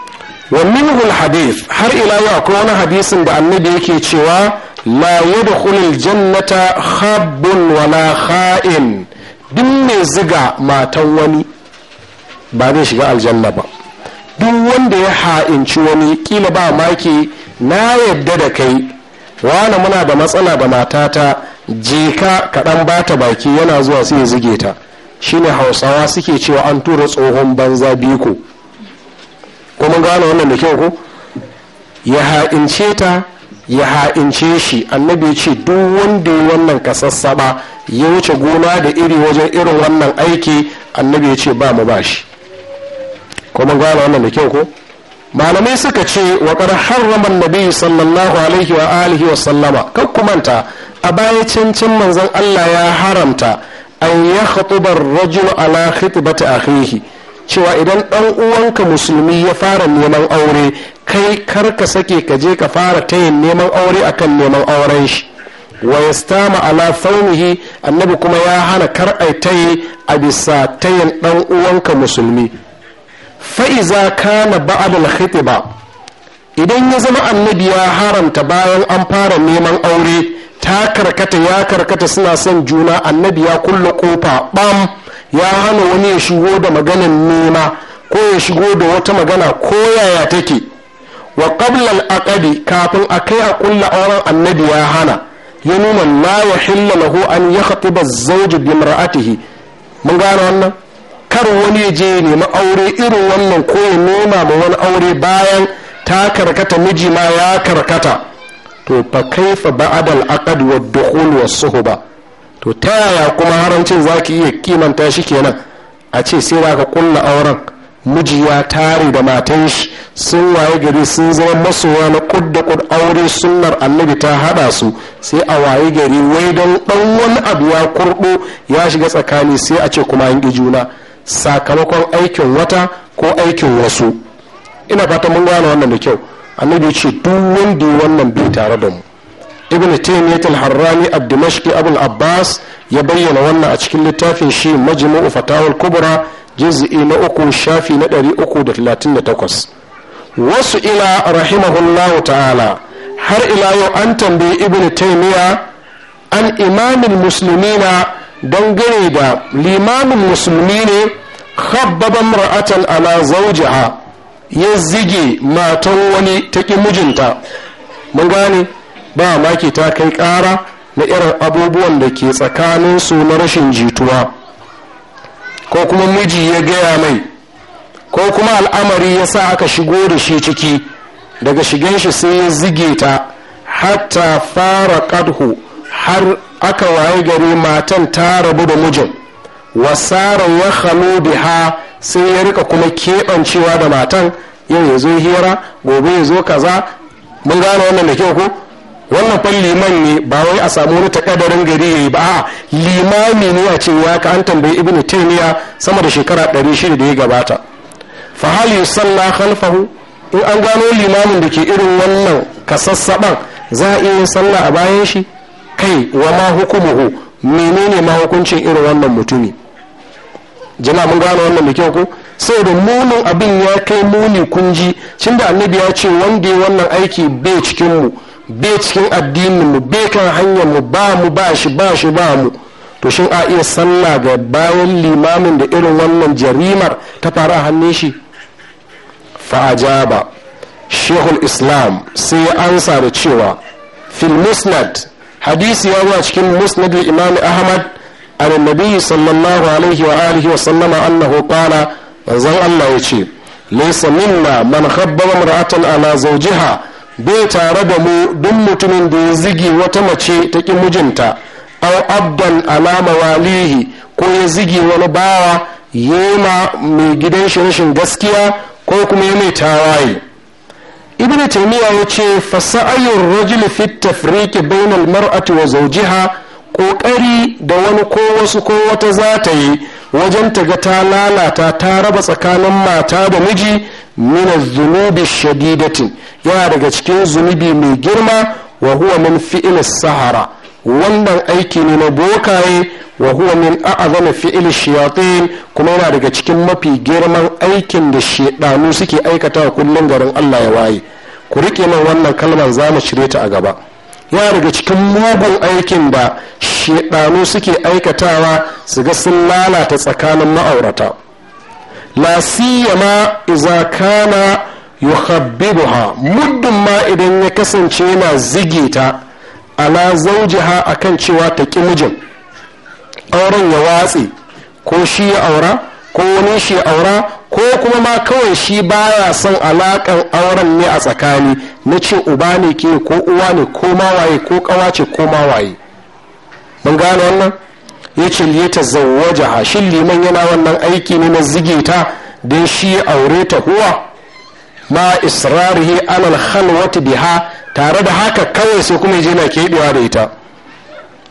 wa minhu hadith har ila yau akwai wani hadisin da annabi yake cewa la yadkhulul jannata khabbun wala kha'in duk mai ziga matan wani ba zai shiga aljanna ba duk wanda ya ha'inci wani kila ba maki na yadda da kai wani muna da matsala da matata je ka kaɗan bata baki yana zuwa sai ya zige ta shine hausawa suke cewa an tura tsohon banza biku. ko mun gane wannan da kyau ko ya ha'ince ta ya ha'ince shi annabi ya ce duk wanda ya wannan kasassaba ya wuce gona da iri wajen irin wannan aiki annabi ya ce ba mu ba shi ko mun gane wannan da kyau ko malamai suka ce wa kar harrama annabi sallallahu alaihi wa alihi wa sallama kan kumanta a baya cancin manzon Allah ya haramta an ya rajul ala khitbati akhihi cewa idan ɗan uwanka musulmi ya fara neman aure kai kar ka sake ka je ka fara tayin neman aure akan neman auren shi wa yastama ala faunihi annabi kuma ya hana kar ai tayi a bisa tayin ɗan uwanka musulmi fa'iza kana ba'ad al-khitba idan ya zama annabi ya haramta bayan an fara neman aure ta karkata ya karkata suna son juna annabi ya kulle kofa bam ya hana wani ya shigo da maganan nema ko ya shigo da wata magana ko yaya take wa qablal aqdi kafin a kai a kulla auren annabi ya hana ya nuna la yahillu lahu an yakhtiba zawj bi imra'atihi mun gane wannan kar wani ya je nemi aure irin wannan ko ya nema ba wani aure bayan ta karkata miji ma ya karkata to fa kaifa ba'dal al-aqd wa dukhul wa suhba to ta yaya kuma haramcin za ki iya kimanta shi kenan a ce sai za ka kulla auren miji ya tare da matan shi sun waye gari sun zama masoya na kud da kud aure sunnar annabi ta hada su sai a waye gari wai don dan wani abu ya kurdo ya shiga tsakani sai a ce kuma an ƙi juna sakamakon aikin wata ko aikin wasu ina fata mun gane wannan da kyau annabi ce duk wanda wannan bai tare da mu ibn taymiyyah al-harrani ad-dimashqi abul abbas ya bayyana wannan a cikin littafin shi majmu'u fatawul kubra juz'i na uku shafi na 338 wasu ila rahimahullahu ta'ala har ila yau an tambayi ibn taymiyyah an imamin muslimina dangane da limamin musulmi ne khabbaba mar'atan ala zawjiha ya zige matan wani ta mijinta mun gane ba maki ta kai ƙara na irin abubuwan da ke tsakanin su na rashin jituwa ko kuma miji ya gaya mai ko kuma al'amari ya sa aka shigo da shi ciki daga shigen shi sai ya zige ta hatta fara kadhu har aka waye gari matan ta rabu da mijin wasara ya halu biha sai ya rika kuma keɓancewa da matan yau ya zo hira gobe ya zo kaza mun gane wannan da kyau ko wannan fa liman ne ba wai a samu wani takadarin gari yayi ba a limami ne a cewa ka an tambayi ibn taymiya sama da shekara 600 da ya gabata fa hal yusalla khalfahu in an gano limamin da ke irin wannan kasassaban za a iya yin sallah a bayan shi kai wa ma hukumuhu menene ma hukuncin irin wannan mutumi jama'a mun gano wannan da kyau ko saboda munin abin ya kai muni kunji cinda annabi ya ce wanda ya wannan aiki bai cikin mu bai cikin addinin mu bai kan hanyar mu ba mu ba shi ba shi ba mu to shin a iya sallah ga bayan limamin da irin wannan jarimar ta faru a hannun shi fa'ajaba shehul islam sai ya ansa da cewa fil musnad hadisi ya zuwa cikin musnad imam ahmad an annabi sallallahu alaihi wa alihi wa sallama annahu qala manzon Allah yace ce laysa minna man khabbara mar'atan ala zawjiha bai tare da mu duk mutumin da ya zigi wata mace ta ƙi mijinta aw abdan alama walihi ko ya zigi wani bawa yema mai gidan shi rashin gaskiya ko kuma ya mai tawaye ibn taymiya ya ce fasa'ayur rajul fi tafriqi bainal mar'ati wa zawjiha kokari da wani ko wasu ko wata za ta yi wajen ta ga ta lalata ta raba tsakanin mata da miji mina zunubi shadidatin yana daga cikin zunubi mai girma wa huwa min fi'il sahara wannan aiki ne na bokaye wa huwa min a'azama fi'il shayatin kuma yana daga cikin mafi girman aikin da shedanu suke aikata kullum garin Allah ya waye ku rike min wannan kalmar zamu mu shirye ta a gaba ya daga cikin mugun aikin da shaidanu suke aikatawa su ga sun lalata tsakanin ma'aurata la ma iza kana yuhabbibuha muddin ma idan ya kasance yana zige ta ala zaujiha akan cewa ta ki mijin auren ya watse ko shi ya aura ko wani shi aura ko kuma ma kawai shi baya son alakan auren ne a tsakani na ce uba ne ke ko uwa ne ko mawaye ko ce ko mawaye mun gane wannan ya ce ta zawaja ha shin liman yana wannan aiki ne na zige ta don shi aure ta huwa ma israrihi alal khalwati biha tare da haka kawai sai kuma je na kebewa da ita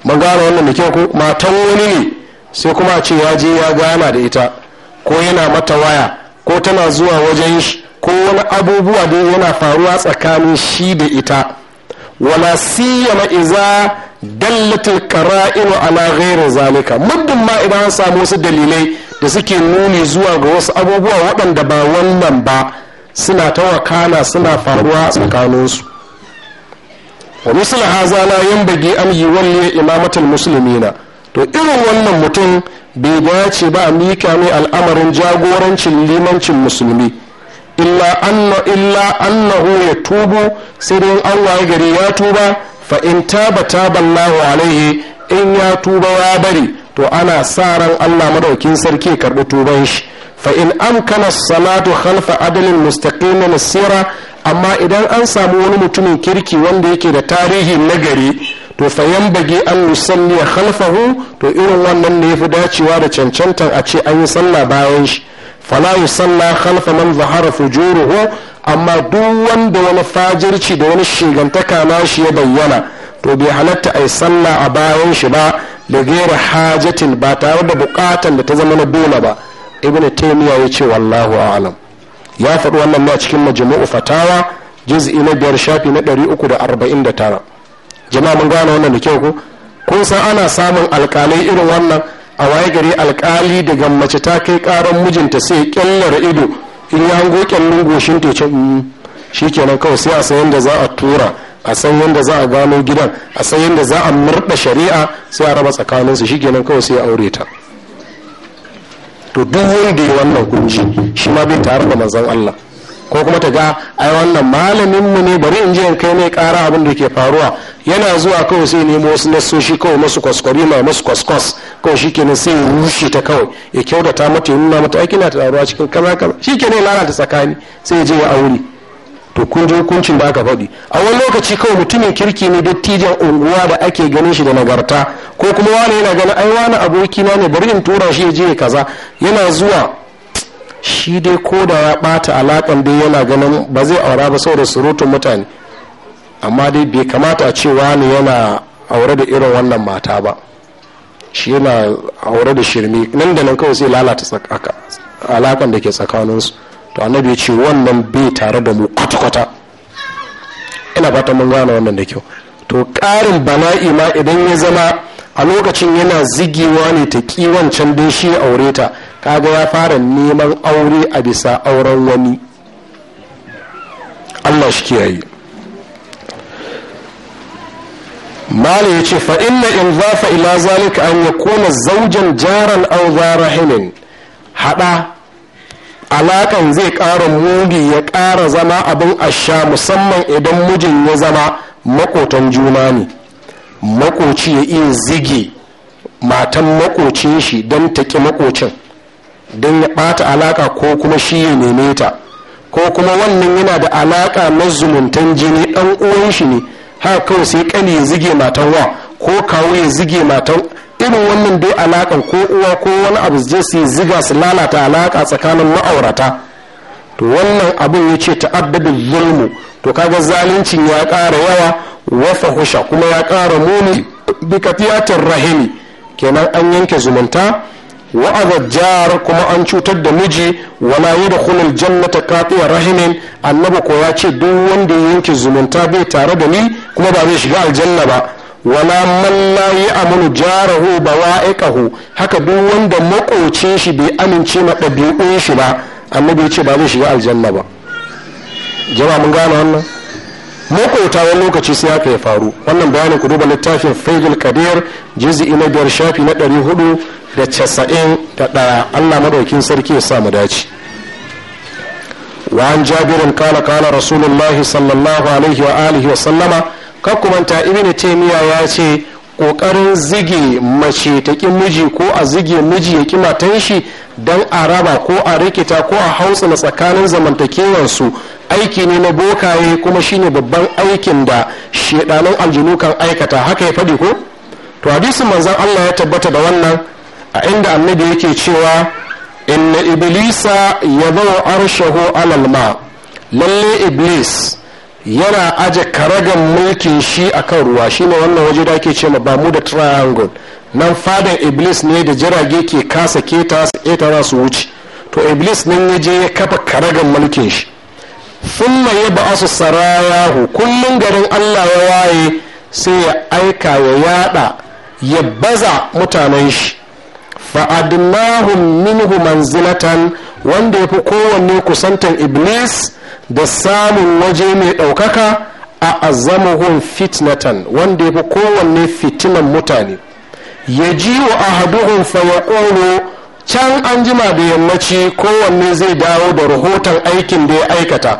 mun gane wannan da kyau ko matan wani ne sai kuma ce ya je ya gana da ita ko yana mata waya ko tana zuwa wajen shi ko wani abubuwa da yana faruwa tsakanin shi da ita wala siyama iza dallatul qara'inu ala ghairi zalika muddin ma idan an samu wasu dalilai da suke nuni zuwa ga wasu abubuwa waɗanda ba wannan ba suna ta wakana suna faruwa tsakaninsu wa misal haza la yanbaghi an yuwalli imamatul muslimina to irin wannan mutum bai dace ba a mika mai al'amarin jagorancin limancin musulmi illa anna illa annahu ya tubu sai dai Allah ya gari ya tuba fa in taba taballahu alaihi in ya tuba ya bari to ana sa ran Allah madaukin sarki karbi tuban shi fa in amkana salatu khalfa adalin mustaqimin sira amma idan an samu wani mutumin kirki wanda yake da tarihi nagari to fa bage an musalli khalfahu to irin wannan ne fi dacewa da cancantan a ce an yi sallah bayan shi fala sallah khalfa man zahara fujuruhu amma duk wanda wani fajirci da wani shigantaka shi ya bayyana to bai halatta ai sallah a bayan shi ba da gaira hajatin ba tare da bukatan da ta zama na dole ba ibnu taymiya ya ce wallahu a'lam ya faɗi wannan ne a cikin majmu'u fatawa juz'i na biyar shafi na 349 jama'a mun gane wannan da kyau ko kun san ana samun alkalai irin wannan a waye gari alkali daga mace ta kai karan mijinta sai kyallara ido in ya hango kyallin goshin ta ce mm, shikenan kawai sai a sayan da za a tura a san yadda za a gano gidan a san yadda za a murda shari'a sai a raba tsakaninsu shikenan kawai sai a aure ta to duk wanda ya wannan kunci shi ma bai tare da manzon Allah ko kuma ta ga ai wannan malamin mu ne bari in je in kai mai kara abin da ke faruwa yana zuwa kawai sai nemo wasu nasoshi kawai masu kwaskwari ma masu kwaskwas kawai shikenan sai ya rushe ta kawai ya kyautata mata ya nuna mata ai kina taruwa cikin kaza kaza shikenan ya lalata tsakani sai ya je ya aure to kun ji hukuncin da aka faɗi a wani lokaci kawai mutumin kirki ne dattijan unguwa da ake ganin shi da nagarta ko kuma wani yana ganin ai wani abokina ne bari in tura shi ya je kaza yana zuwa shi dai ko da ya bata alakan dai yana ganin ba zai aura ba saboda surutun mutane amma dai bai kamata a ce wani yana aure da irin wannan mata ba shi yana aure da shirme nan da nan kawai sai lalata alakan da ke tsakaninsu to annabi ya ce wannan bai tare da mu kwata-kwata ina fata mun gane wannan da kyau to ƙarin bala'i ma idan ya zama a lokacin yana zigewa ne ta kiwancan dai don shi aure ta kaga ya fara neman aure a bisa auren wani allah shi kiyaye mala ya ce fa'inna in zafa ila zalika an ya kona zaujan jaran au rahimin haɗa alakan zai ƙara mugi ya ƙara zama abin asha musamman idan mijin ya zama makotan juna ne makoci ya iya zige matan makocin shi don taƙi makocin don ya ɓata alaka ko kuma shi ya neme ta ko kuma wannan yana da alaka na zumuntan jini ɗan uwan shi ne har kawai sai kani ya zige matan wa ko kawo ya zige matan irin wannan dai alakan ko uwa ko wani abu zai su ziga su lalata alaka tsakanin ma'aurata to wannan abin ya ce ta'addadin zulmu to kaga zaluncin ya ƙara yawa wa fahusha kuma ya ƙara muni bi kafiyatin rahimi kenan an yanke zumunta wa'azajjar kuma an cutar da miji wala yi da kunan jannata kafiyar rahimin annabi ko ya ce duk wanda ya yanke zumunta bai tare da ni kuma ba zai shiga aljanna ba wala man la amunu jarahu bawa'iqahu haka duk wanda makocin shi bai amince ma ɗabi'un shi ba annabi ya ce ba zai shiga aljanna ba jama'a mun gane wannan makota wani lokaci sai haka ya faru wannan bayanin ku duba littafin faidil kadir jizi na biyar shafi na ɗari hudu da casa'in da ɗaya allah maɗaukin sarki ya samu dace kala kala-kala قال sallallahu alaihi صلى الله عليه وآله وسلم kakumanta ibn taymiya ya ce ƙoƙarin zige mace ta ƙi miji ko a zige miji ya ƙi matan shi don a raba ko a rikita ko a hausa na tsakanin zamantakewarsu aiki ne na bokaye kuma shine babban aikin da shedanin aljinu kan aikata haka ya faɗi ko to hadisin manzan Allah ya tabbata da wannan a inda annabi yake cewa inna iblisa ya zama arshahu alalma ma lalle iblis yana aje karagan mulkin shi akan ruwa shine wannan waje da ake cewa ba bamu da triangle nan fadan iblis ne da jirage ke kasa keta su keta su wuce to iblis nan ya je ya kafa karagan mulkin shi thumma ya ba'asu sarayahu kullum garin Allah ya waye sai ya aika ya yada ya baza mutanen shi fa'adnahum minhu manzilatan wanda ya fi kowanne kusantan iblis da samun waje mai ɗaukaka a azamahun fitnatan wanda ya fi kowanne fitinan mutane ya ji wa ahaduhun fayakoro can an jima da yammaci kowanne zai dawo da rahoton aikin da ya aikata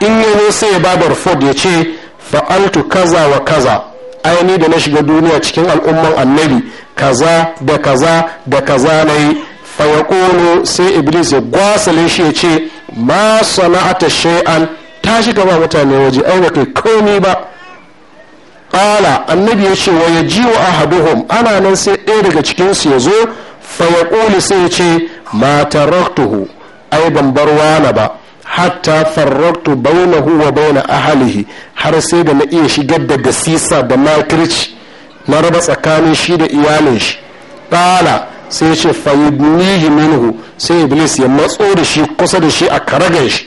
in ya sai ya ba da ya ce fa'altu kaza wa kaza aini da na shiga duniya cikin al'umman annabi kaza da kaza da kaza na yi kono sai iblis ya gwasale shi ya ce ma sana'ata shay'an ta shi ba mutane waje ai kai komi ba ƙala annabi ya ce wa ya jiwa ahaduhum ana nan sai ɗaya daga cikinsu ya zo fayakoli sai ya ce ma taraktuhu ai ban bar wana ba hatta farraktu bainahu wa baina ahlihi har sai da na iya shigar da gasisa da makirci na raba tsakanin shi da iyalin shi ɗala sai ya ce fayidnihi sai iblis ya matso da shi kusa da shi a karagar shi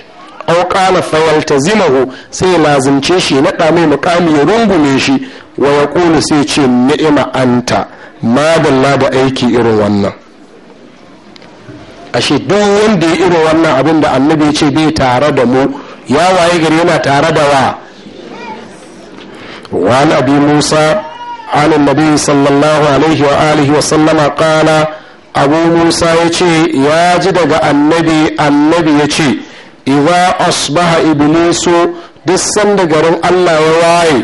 aw fayalta zimahu sai ya lazimce shi na da mai mukami ya rungume shi wa ya yaqulu sai ce ni'ima anta madalla da aiki irin wannan ashe duk wanda ya iri wannan abin da annabi ce bai tare da mu ya waye gari yana tare da wa wani abu musa alin da biyu sallallahu alaihi wa alihi wa sallama kala abu musa ya ce ya ji daga annabi annabi ya ce iwa asbaha ibilisu duk sanda garin allah ya waye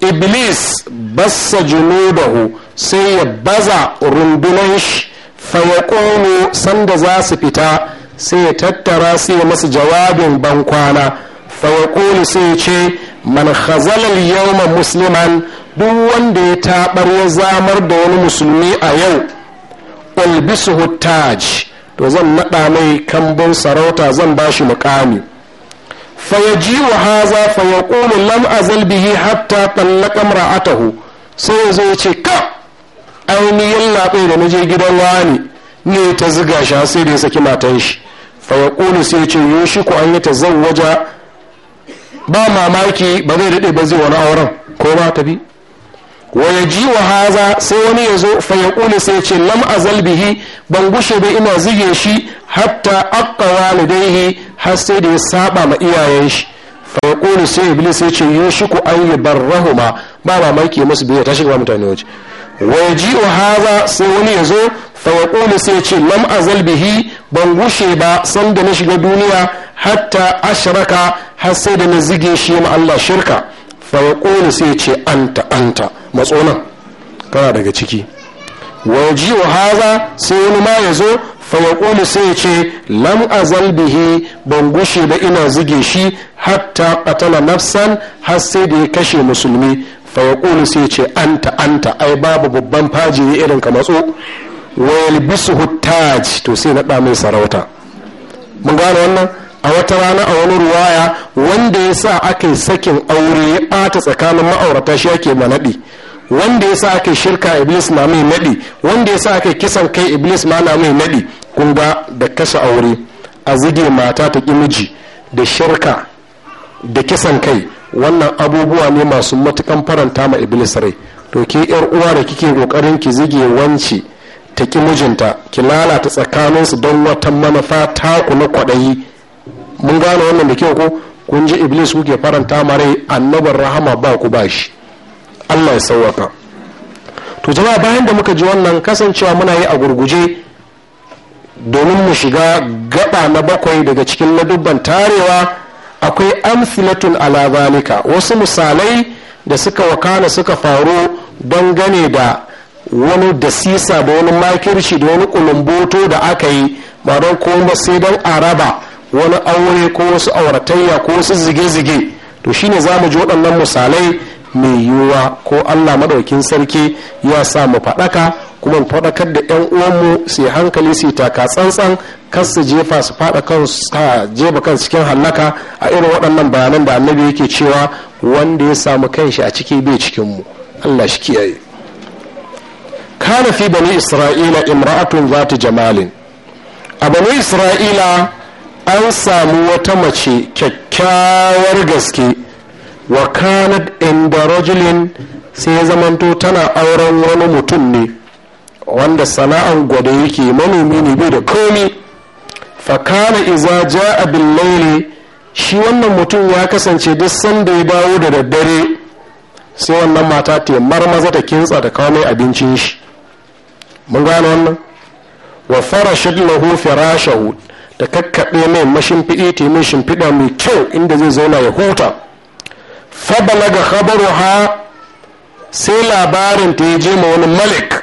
iblis basa jini da sai ya baza rundunan shi fayaƙonu sanda za su fita sai ya tattara sai ya masu jawabin bankwana fayaƙonu sai ce man khazalal yawma musliman duk wanda ya taɓar ya zamar da wani musulmi a yau ulbisu taj to zan naɗa mai kambun sarauta zan ba shi muƙami fayaji wa haza fayaƙonu lam azal bihi hatta tallaka mar'atahu sai ya zo ya ce ka ainihin labai da na je gidan wani ne ta ziga shi sai da ya saki matan shi fa ya sai ce yoshi ko an yi ta waja ba mamaki ba zai daɗe ba zai wani auren ko ba ta bi wa ya ji wa haza sai wani ya zo fa ya ƙuli sai ce lam azal bihi ban gushe ba ina zige shi hatta akka walidaihi har sai da ya saba ma iyayen shi fa ya ƙuli sai iblis sai ce yushiku an yi barrahuma ba mamaki musu biyu ta shiga mutane waje wa o haza sai wani ya zo fa sai ce lam azal bihi ban gushe ba san da na shiga duniya hatta ashraka har sai da na zige shi ma Allah shirka fa ya sai ce anta anta matsona kana daga ciki wa o haza sai wani ma ya zo fa ya sai ce lam azal bihi ban gushe ba ina zige shi hatta qatala nafsan har sai da ya kashe musulmi fa sai ce anta anta ai babu babban faji irin ka matso wa bisu hutaj to sai na ɗa mai sarauta mun gane wannan a wata rana a wani ruwaya wanda ya sa aka yi sakin aure ya ɓata tsakanin ma'aurata shi ma naɗi wanda ya sa aka yi shirka iblis na mai naɗi wanda ya sa aka yi kisan kai iblis ma na mai naɗi kun ga da kashe aure a zige mata ta ƙi miji da shirka da kisan kai wannan abubuwa ne masu matukan faranta ma iblis rai to ke yar uwa da kike kokarin ki zige wanci ta ki mijinta ki lalata tsakaninsu don wata manufa taku na kwaɗayi mun gane wannan da kyau ko kun ji iblis kuke faranta ma rai annabar rahama ba ku bashi allah ya sauwaka to jama'a bayan da muka ji wannan kasancewa muna yi a gurguje domin mu shiga gaba na bakwai daga cikin ladubban tarewa akwai amsilatun alabalika wasu misalai da suka wakana suka faru don gane da wani dasisa da wani makirshi da wani kulumboto da aka yi ba don kuma sai don a wani aure ko wasu auratayya ko wasu zige-zige to shine za mu ji waɗannan misalai mai yiwuwa ko allah maɗaukin sarki ya sa mu faɗaka kuma faɗakar da yan uwanmu su yi hankali su yi taka tsantsan kar su jefa su faɗa su jefa kan cikin hallaka a irin waɗannan bayanan da annabi yake cewa wanda ya samu kanshi a ciki bai cikin mu Allah shi kiyaye kana fi bani isra'ila imra'atun zati jamalin a bani isra'ila an samu wata mace kyakkyawar gaske wa kanat inda rajulin sai zamanto tana auren wani mutum ne wanda sana'an gwada yake manomi ne bai da komi fakana iza ja abin laili shi wannan mutum ya kasance duk sanda ya dawo da daddare sai wannan mata ta marmaza ta kintsa ta kawo mai abincin shi mun gane wannan wa farashat lahu firashahu ta kakkaɓe mai mashimfiɗi ta mai shimfiɗa mai kyau inda zai zauna ya huta fabalaga khabaruha sai labarin ta ya je ma wani malik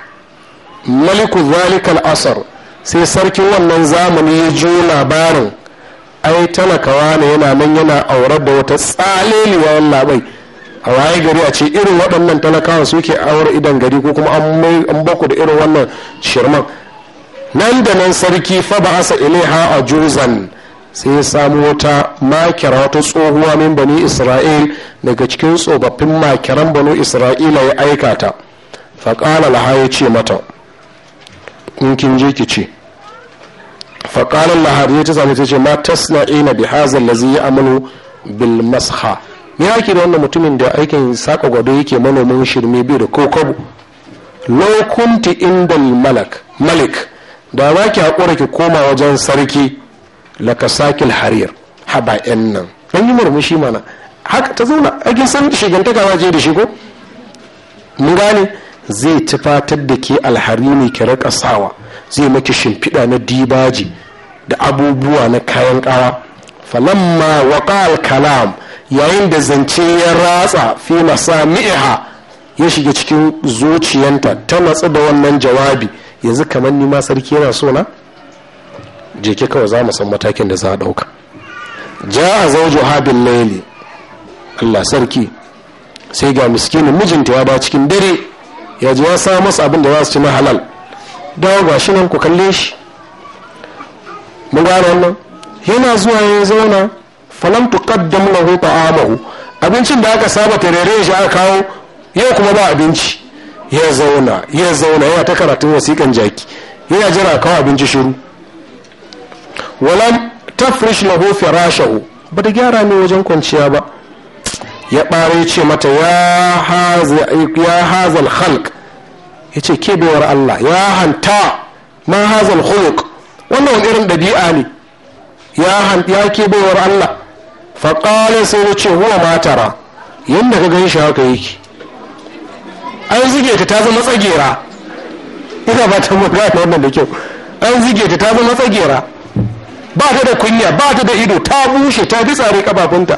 maliku zalikal asar sai sarkin wannan zamani ya ji labarin ai talakawa ne yana nan yana aurar da wata tsaleliwa labai a waye gari a ce irin waɗannan talakawa suke aure idan gari ko kuma an baku da irin wannan shirman nan da nan sarki fa ba asa ilaiha a juzan sai ya samu wata makira wata tsohuwa min bani isra'il daga cikin tsofaffin makiran Bani isra'ila ya aikata faƙala laha ya ce mata in kin je ki ce faƙalar lahari ta sami ta ce ma tasna ina bi hazan lazi ya amalu bil masha me da wannan mutumin da aikin saka gwado yake manomin shirme biyu da kokobu lokunti kunti malak malik da ba ki haƙura ki koma wajen sarki laka sakil harir haba yan nan an yi murmushi mana haka ta zauna ake san shigantaka waje da shi ko mun gane zai fatar da ke alharini ki rakasawa zai maki shimfiɗa na dibaji da abubuwa na kayan ƙara falamma waƙa kalam yayin da zance ya ratsa fi mi'a ya shiga cikin zuciyanta ta matsa da wannan jawabi yanzu kamar ni ma sarki yana so na jeke kawai za mu san matakin da za a ɗauka ja a zaujo habin laili allah sarki sai ga miskinin mijinta ya ba cikin dare ya ji ya samu masu abin da za su ci na halal dawo ga shi nan ku kalle shi mu gane wannan yana zuwa ya zauna falam tuqaddam lahu ta'amahu abincin da aka saba tarere shi aka kawo yau kuma ba abinci ya zauna ya zauna yana ta karatun wasikan jaki yana jira kawo abinci shiru walam tafrish lahu firashahu ba da gyara ne wajen kwanciya ba ya ɓare ce mata ya hazal halk ya ce kebewar Allah ya hanta ma hazal huluk wannan wani irin ɗabi'a ne ya kebewar Allah faƙale sai ya ce huwa matara yadda ka gani shi haka yake an zige ta ta zama tsagera ina ba ta mutu wannan da kyau an zige ta ta zama tsagera ba ta da kunya ba ta da ido ta bushe ta bi tsare kafafunta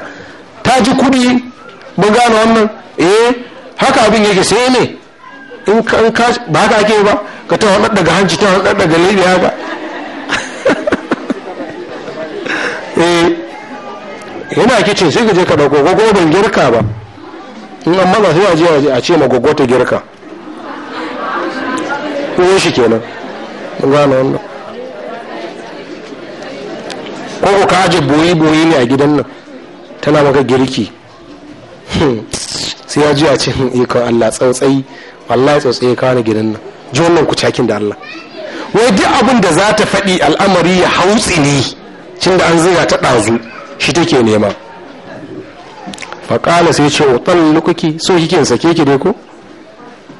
ta ji kuɗi mun gane wannan eh haka abin yake sai ne in ka ba haka ake ba ka ta wadda daga hanci ta wadda daga libya ba eh, yana kicin sai ka je ka dauko gogo ban girka ba in an maza sai a je a ce ma gogo ta girka ko shi kenan mun gane wannan ko ka aje boye boye ne a gidan nan tana maka girki Hmm. sai ya ji a ce hmm, eh, ikon Allah tsautsai wallahi tsautsai ya kawo gidan nan ji wannan ku cakin da Allah wai duk abin da za ta faɗi al'amari ya hautsi ne cin da an zuga ta ɗazu shi take nema faƙala sai ce wa oh, ɗan so kike sake ki dai ko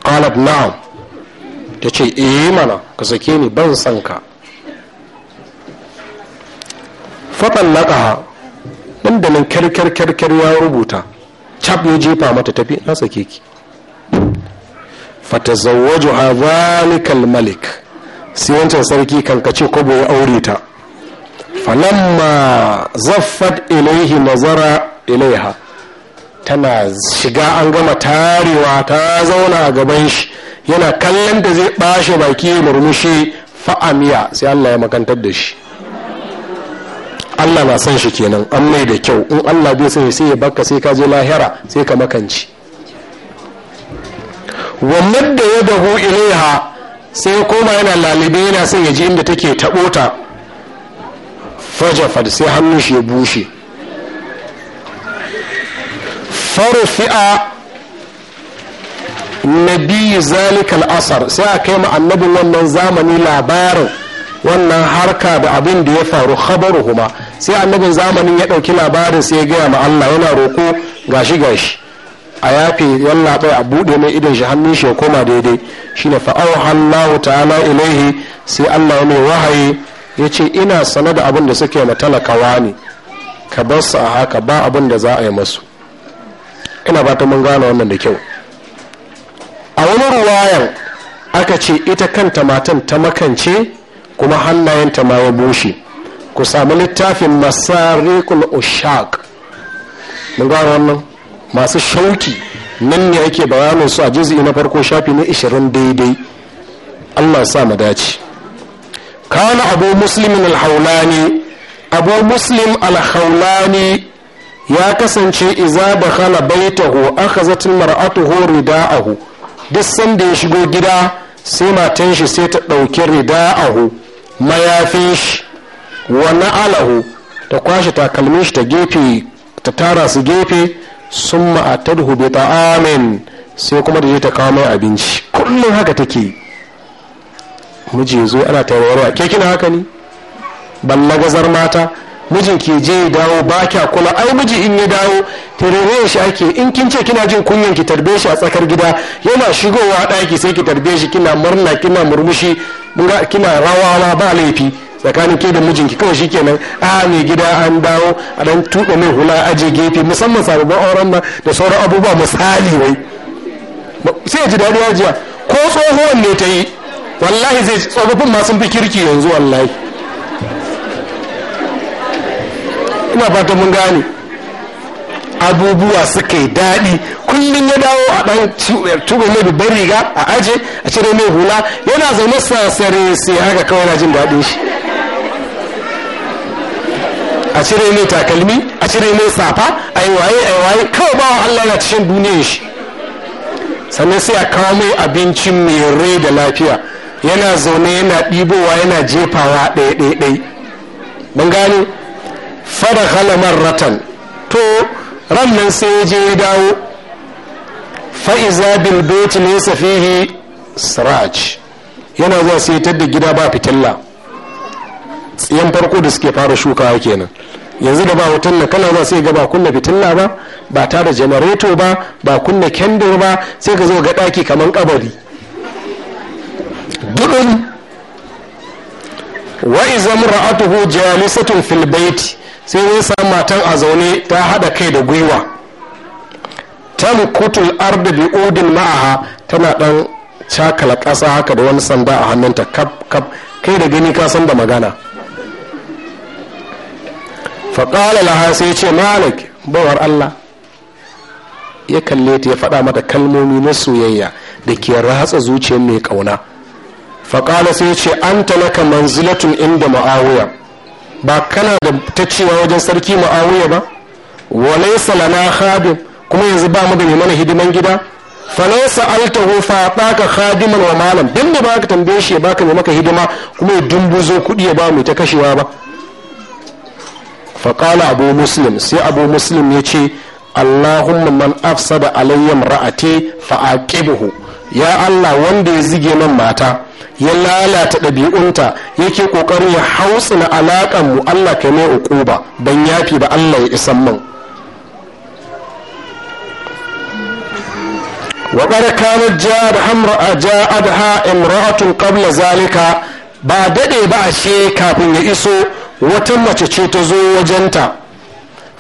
qalat na'am ta ce eh mana ka sake ni ban san ka fa tallaka nan da nan kyarkyar kyarkyar ya rubuta cap ya jefa mata tafi na sake ki zawaju a zalikal malik sai sarki kankace kobo ya aure ta falamma zaffat ilaihi nazara ilaiha tana shiga an gama tarewa ta zauna a gaban shi yana kallon da zai bashe baki murmushi fa'amiya sai Allah ya makantar da shi Allah na son shi kenan an mai da kyau in Allah bai shi sai ya baka sai ka je lahira sai ka makanci wa madda yadahu ilaiha sai koma yana lalibe yana son ya je inda take taɓo ta fajafad sai hannun shi ya bushe farufi'a nabi zalikal asar sai a kai ma annabin wannan zamani labarin wannan harka da abin da ya faru khabaruhuma sai annabin zamanin ya ɗauki labarin sai ya gaya ma Allah yana roko gashi gashi a yafe yalla bai a buɗe mai idon shi hannun shi ya koma daidai shine fa Allah ta'ala ilaihi sai Allah ya mai wahayi ya ce ina sana da abin da suke ma talakawa ne ka bar su a haka ba abin da za a yi masu ina fata mun gane wannan da kyau a wani ruwayan aka ce ita kanta matan ta makance kuma hannayenta ma ya bushe ku samu littafin masarikul ushaq mun gano wannan masu shauki nan ne ake bayanin su a juzi na farko shafi na 20 daidai allah sa mu dace kana abu muslimin alhaulani abu muslim alhaulani ya kasance iza bakhala baitahu akhazat mar'atuhu rida'ahu duk sanda ya shigo gida sai matan shi sai ta ɗauki rida'ahu mayafin shi wani alahu ta kwashe takalmin shi ta gefe ta tara su gefe sun ma'atar hubita amin sai kuma da je ta kawo mai abinci kullum haka take miji zo ana tawarwa ke kina haka ne balla gazar mata mijin ke je ya dawo ba kya kula ai miji in ya dawo tarere shi ake in kin ce kina jin kunyan ki tarbe shi a tsakar gida yana shigowa ɗaki sai ki tarbe shi kina murna kina murmushi kina rawa ba laifi tsakanin ke da ki kawai shi a mai gida an dawo a dan tuɓa mai hula aje gefe musamman sababbin auren ma da sauran abubuwa misali wai sai ya ji daɗi jiya ko tsohuwan ne ta yi wallahi zai tsofaffin ma sun fi kirki yanzu wallahi ina fatan mun gane abubuwa suka yi daɗi kullum ya dawo a ɗan tuba mai babban riga a aje a cire mai hula yana zaune sasare sai haka kawai na jin daɗin shi a cire mai takalmi a cire mai safa a yi waye a yi waye kawai bawa Allah na cikin duniyar shi sannan sai a kawo mai abincin mai rai da lafiya yana zaune yana ɗibowa yana jefawa ɗaya ɗaya ɗaya ban gane fara halamar ratan to ran sai ya je ya dawo fa'iza bil ne safihi siraj yana zuwa sai da gida ba fitilla tsayen farko da suke fara shukawa kenan yanzu da ba wutan na kana za sai ga ba kunna fitilla ba ba tara janareto ba ba kunna kendir ba sai ka zo ga daki kamar kabari dudun wa iza jalisatun filbaiti sai ya sa matan a zaune ta haɗa kai da gwiwa kutul arda bi udin ma'aha tana ɗan cakala ƙasa haka da wani sanda a hannunta kap kap kai da gani ka san da magana faƙala laha sai ce malik bawar allah ya kalle ta ya faɗa mata kalmomi na soyayya da ke ratsa zuciyar mai ƙauna faƙala sai ce an talaka manzilatun inda ma'awuya ba kana da ta cewa wajen sarki ma'awuya ba wale-sala lana khadim kuma yanzu ba mu da mana hidiman gida falaisa altahu fa baka khadiman wa malam don da baka tambaye shi baka mai maka hidima kuma ya dumbuzo kudi ya ba mu ta kashewa ba fa abu muslim sai abu muslim ya ce allahumma man afsada alayya ra'ati fa aqibuhu ya allah wanda ya zige man mata ya lalata ɗabi'unta yake ƙoƙarin ya hausa na alaƙar mu Allah ka mai uquba ban yafi ba Allah ya isan man wa qad kanat ja'ad hamra ja'adha imra'atun qabla zalika ba daɗe ba ashe kafin ya iso wata mace ce ta zo wajenta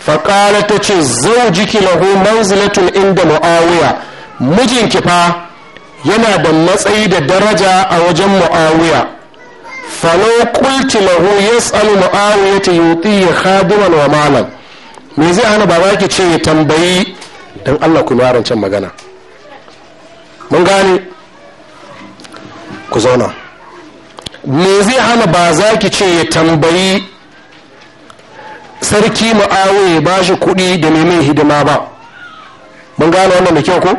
faƙala ta ce zau jiki lahu manzilatun inda mu'awiya mijinki fa yana da matsayi da daraja a wajen mu'awiya falo kulti lahu yas'alu mu'awiya ta yuti khadiman wa malam me zai hana baba ki ce ya tambayi dan Allah ku yaran rancen magana mun gane ku zauna me zai hana ba za ki ce ya tambayi sarki mu'awiya ba shi kuɗi da neman hidima ba mun gane wannan da kyau ko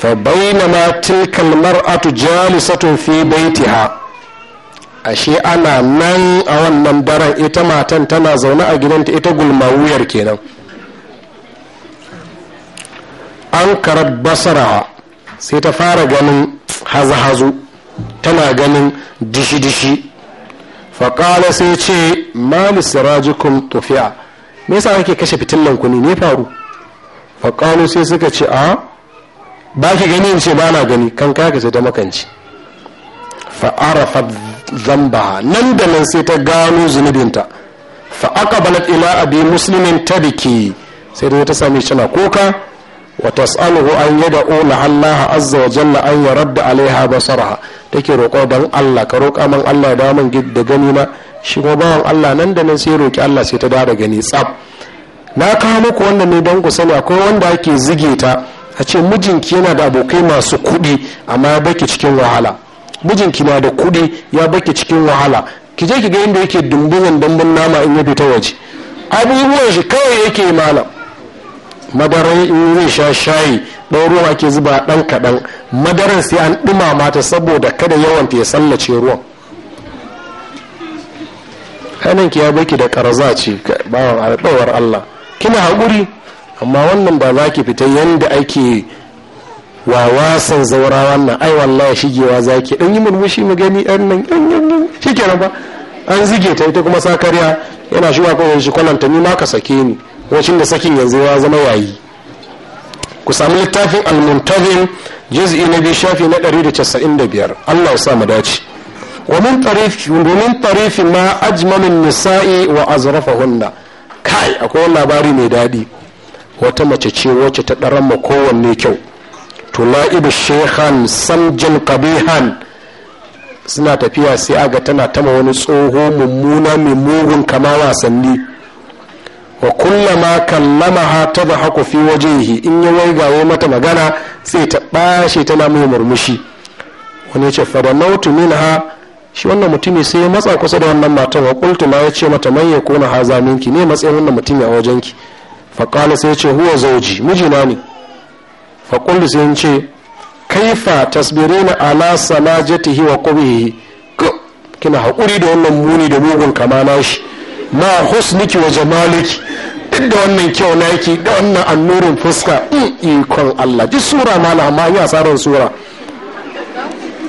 fa bainama tilka almar'atu jalisatun fi ashe ana nan a wannan daren ita matan tana zaune a gidanta ita gulma wuyar kenan an karar basara sai ta fara ganin hazu-hazu tana ganin dishi-dishi faƙala sai ce mali sirajikum tufiya me yasa kake kashe fitilan ku ne ne faru faƙalu sai suka ce a ba ki gani in ce ba na gani kan kaya ka ce ta makanci zan zamba nan da nan sai ta gano zunubinta fa'aqbalat ila abi muslimin tabiki sai da ta sami tana kuka wa tas'aluhu an yad'u la Allah azza wa jalla an yarda alaiha basarha take roƙo dan Allah ka roƙa man Allah da man da gani na shi ba bawan Allah nan da nan sai roƙi Allah sai ta da gani tsab na kawo muku wannan ne don ku sani akwai wanda ake zige ta a ce mijinki yana da abokai masu kuɗi amma ya baki cikin wahala mijinki na da kuɗi ya baki cikin wahala ki je ki ga inda yake dumbuzan dambun nama in ya fita waje abubuwan shi kawai yake malam madaran in zai sha shayi ɗan ruwan ake zuba ɗan kaɗan madaran sai an ɗumama ta saboda kada yawan ta ya sallace ruwan ki ya baki da ƙarza ce bawan alɗawar allah kina haƙuri amma wannan ba za ki fita yadda ake wa wasan zaura wannan ai wallahi shigewa za ki dan yi murmushi mu gani ɗan nan ɗan shi kenan ba an zige ta ita kuma sakariya yana shiga kawai shi kwalanta ni ma ka sake ni wacin da sakin yanzu ya zama yayi ku sami littafin al-muntazim juz'i na biyu shafi na 195 Allah ya sa mu dace ومن طريف ومن طريف ما أجمل النساء وأزرفهن كاي akwai labari mai daɗi. wata mace ce wacce ta ɗaran ma kowanne kyau to la'ibu shehan samjin kabihan suna tafiya sai aga tana tama wani tsoho mummuna mai mugun kama wasanni wa kullama da haku fi yi in ya waigawo mata magana sai ta bashe tana mai murmushi wani ya ce min ha shi wannan mutumi sai ya matsa kusa da wannan matan wa ya ma ce mata manye yakuna haza ki ne matsayin wannan mutumi a wajenki ki faƙala sai ce huwa zauji mijina ne faƙullu sai ce kaifa tasbirina ala salajatihi wa qubihi kina haƙuri da wannan muni da mugun kama nashi ma husniki wa jamaliki duk da wannan kyau na naki da wannan annurin fuska ikon Allah ji sura na lahama ya tsarin sura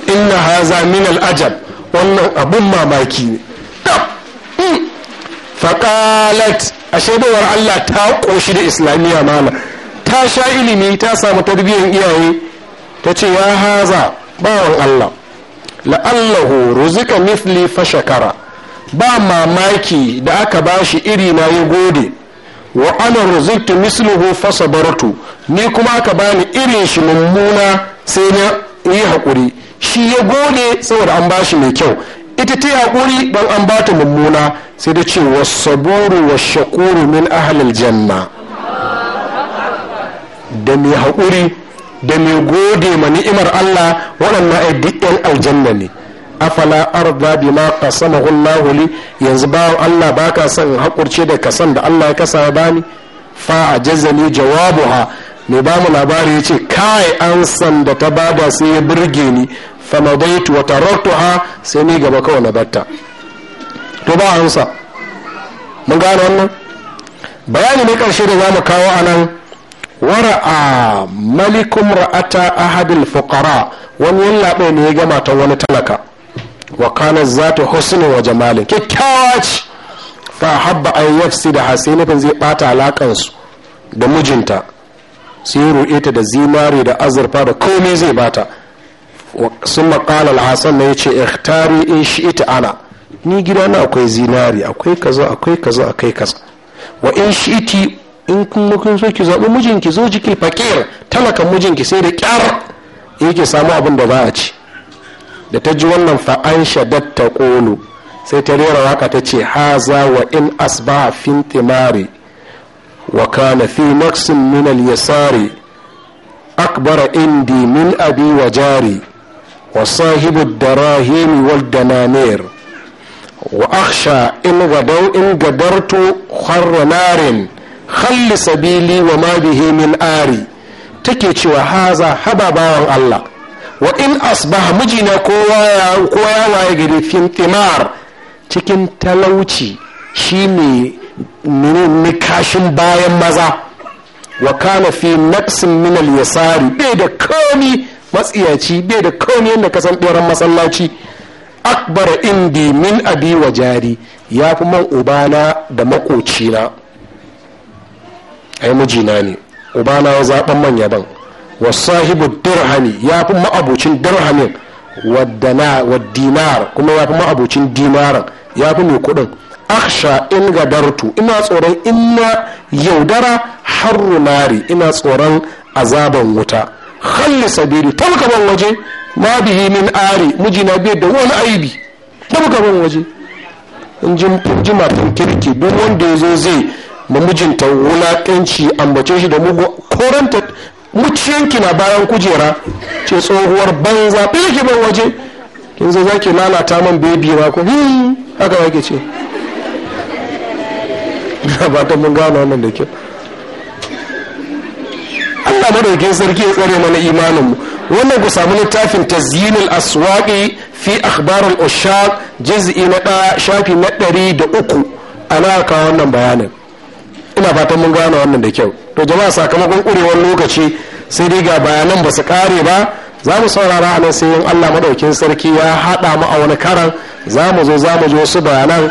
inna haza min al ajab wannan abin mamaki ne faƙalat a allah ta ƙoshi da islamiyya mala ta sha ilimi ta samu tarbiyyar iyaye ta ce ya haza bawan allah la'allahu ruzika mithli fa shakara ba mamaki da aka ba shi iri na ya gode wa ana ruziktu misluhu fa sabartu ni kuma aka bani irin shi mummuna sai na yi haƙuri shi ya gode saboda an bashi mai kyau ita ta haƙuri don an ba ta mummuna sai da ce wasaburu wa shakuru min ahalil janna da mai haƙuri da mai gode ma ni'imar Allah waɗannan ai duk yan aljanna ne afala arda bima qasamahu Allah li yanzu ba Allah baka son hakurce da kasan da Allah ya kasa bani fa ajazani jawabuha mai ba mu labari yace kai an san da ta bada sai ya burge ni famadaitu wa taraktuha sai ni gaba kawai na batta to ba mun gane wannan bayani ne karshe da zamu kawo anan wara'a malikum ra'ata ahadil fuqara wani yallaɓe ne ya gama ta wani talaka wa kana zata husni wa jamalin kyakkyawa ce fa habba an yafsi da hasinifin zai bata su da mijinta sai ru'ita da zinare da azurfa da komai zai bata sun maƙalar hassan na ya ce ikhtari in shi ita ana ni gidana akwai zinari akwai kaza akwai kaza akwai kaza wa in shi iti in kun kun so ki zaɓi mijinki zo jiki fakir talakan mijinki sai da ƙyar yake samu abin da za a ci da ta ji wannan fa'an shadat ta ƙolo sai ta rera waka ta ce haza wa in asba fin timari wa kana fi naqsin min al yasari akbara indi min abi wa jari وصاحب الدراهم والدنانير وأخشى إن غدو إن قدرت خر نار خل سبيلي وما به من آري تكيتش وهذا حبابا الله وإن أصبح مجينا كوايا كوايا ويجري في انتمار cikin talauci shi ne nikashin bayan maza wa kana fi naqsin min al-yasari bai da komi matsiyaci bai da kawai yadda ka san ɗoran masallaci akbar indi min abi wa jari ya fi man ubana da makocina ai mijina ne ubana ya zaɓen man yaban wa sahibu dirhami ya fi ma'abocin dirhamin wa dinar kuma ya fi ma'abocin dinaran ya fi mai kuɗin aksha in gadartu ina tsoron ina yaudara harunari ina tsoron azaban wuta khalli sabiri tabuka ban waje ma bihi min ari mijina bai da wani aibi tabuka ban waje in ji matan kirki duk wanda ya zo zai ma mijinta wulaƙanci ambace shi da mugu koranta muciyanki na bayan kujera ce tsohuwar banza bai ki ban waje kin zo zaki lalata man bebi ma ko haka yake ce ba ta mun gano wannan da kyau Allah madaukin sarki ya tsare mana imanin mu wannan ku samu littafin tazyinul aswaqi fi akhbar al ushaq juz'i na da shafi na ɗari da uku ana ka wannan bayanin ina fatan mun gane wannan da kyau to jama'a sakamakon kurewar lokaci sai dai ga bayanan ba su kare ba za mu saurara a sai sai Allah maɗaukin sarki ya haɗa mu a wani karan za mu zo za mu zo su bayanan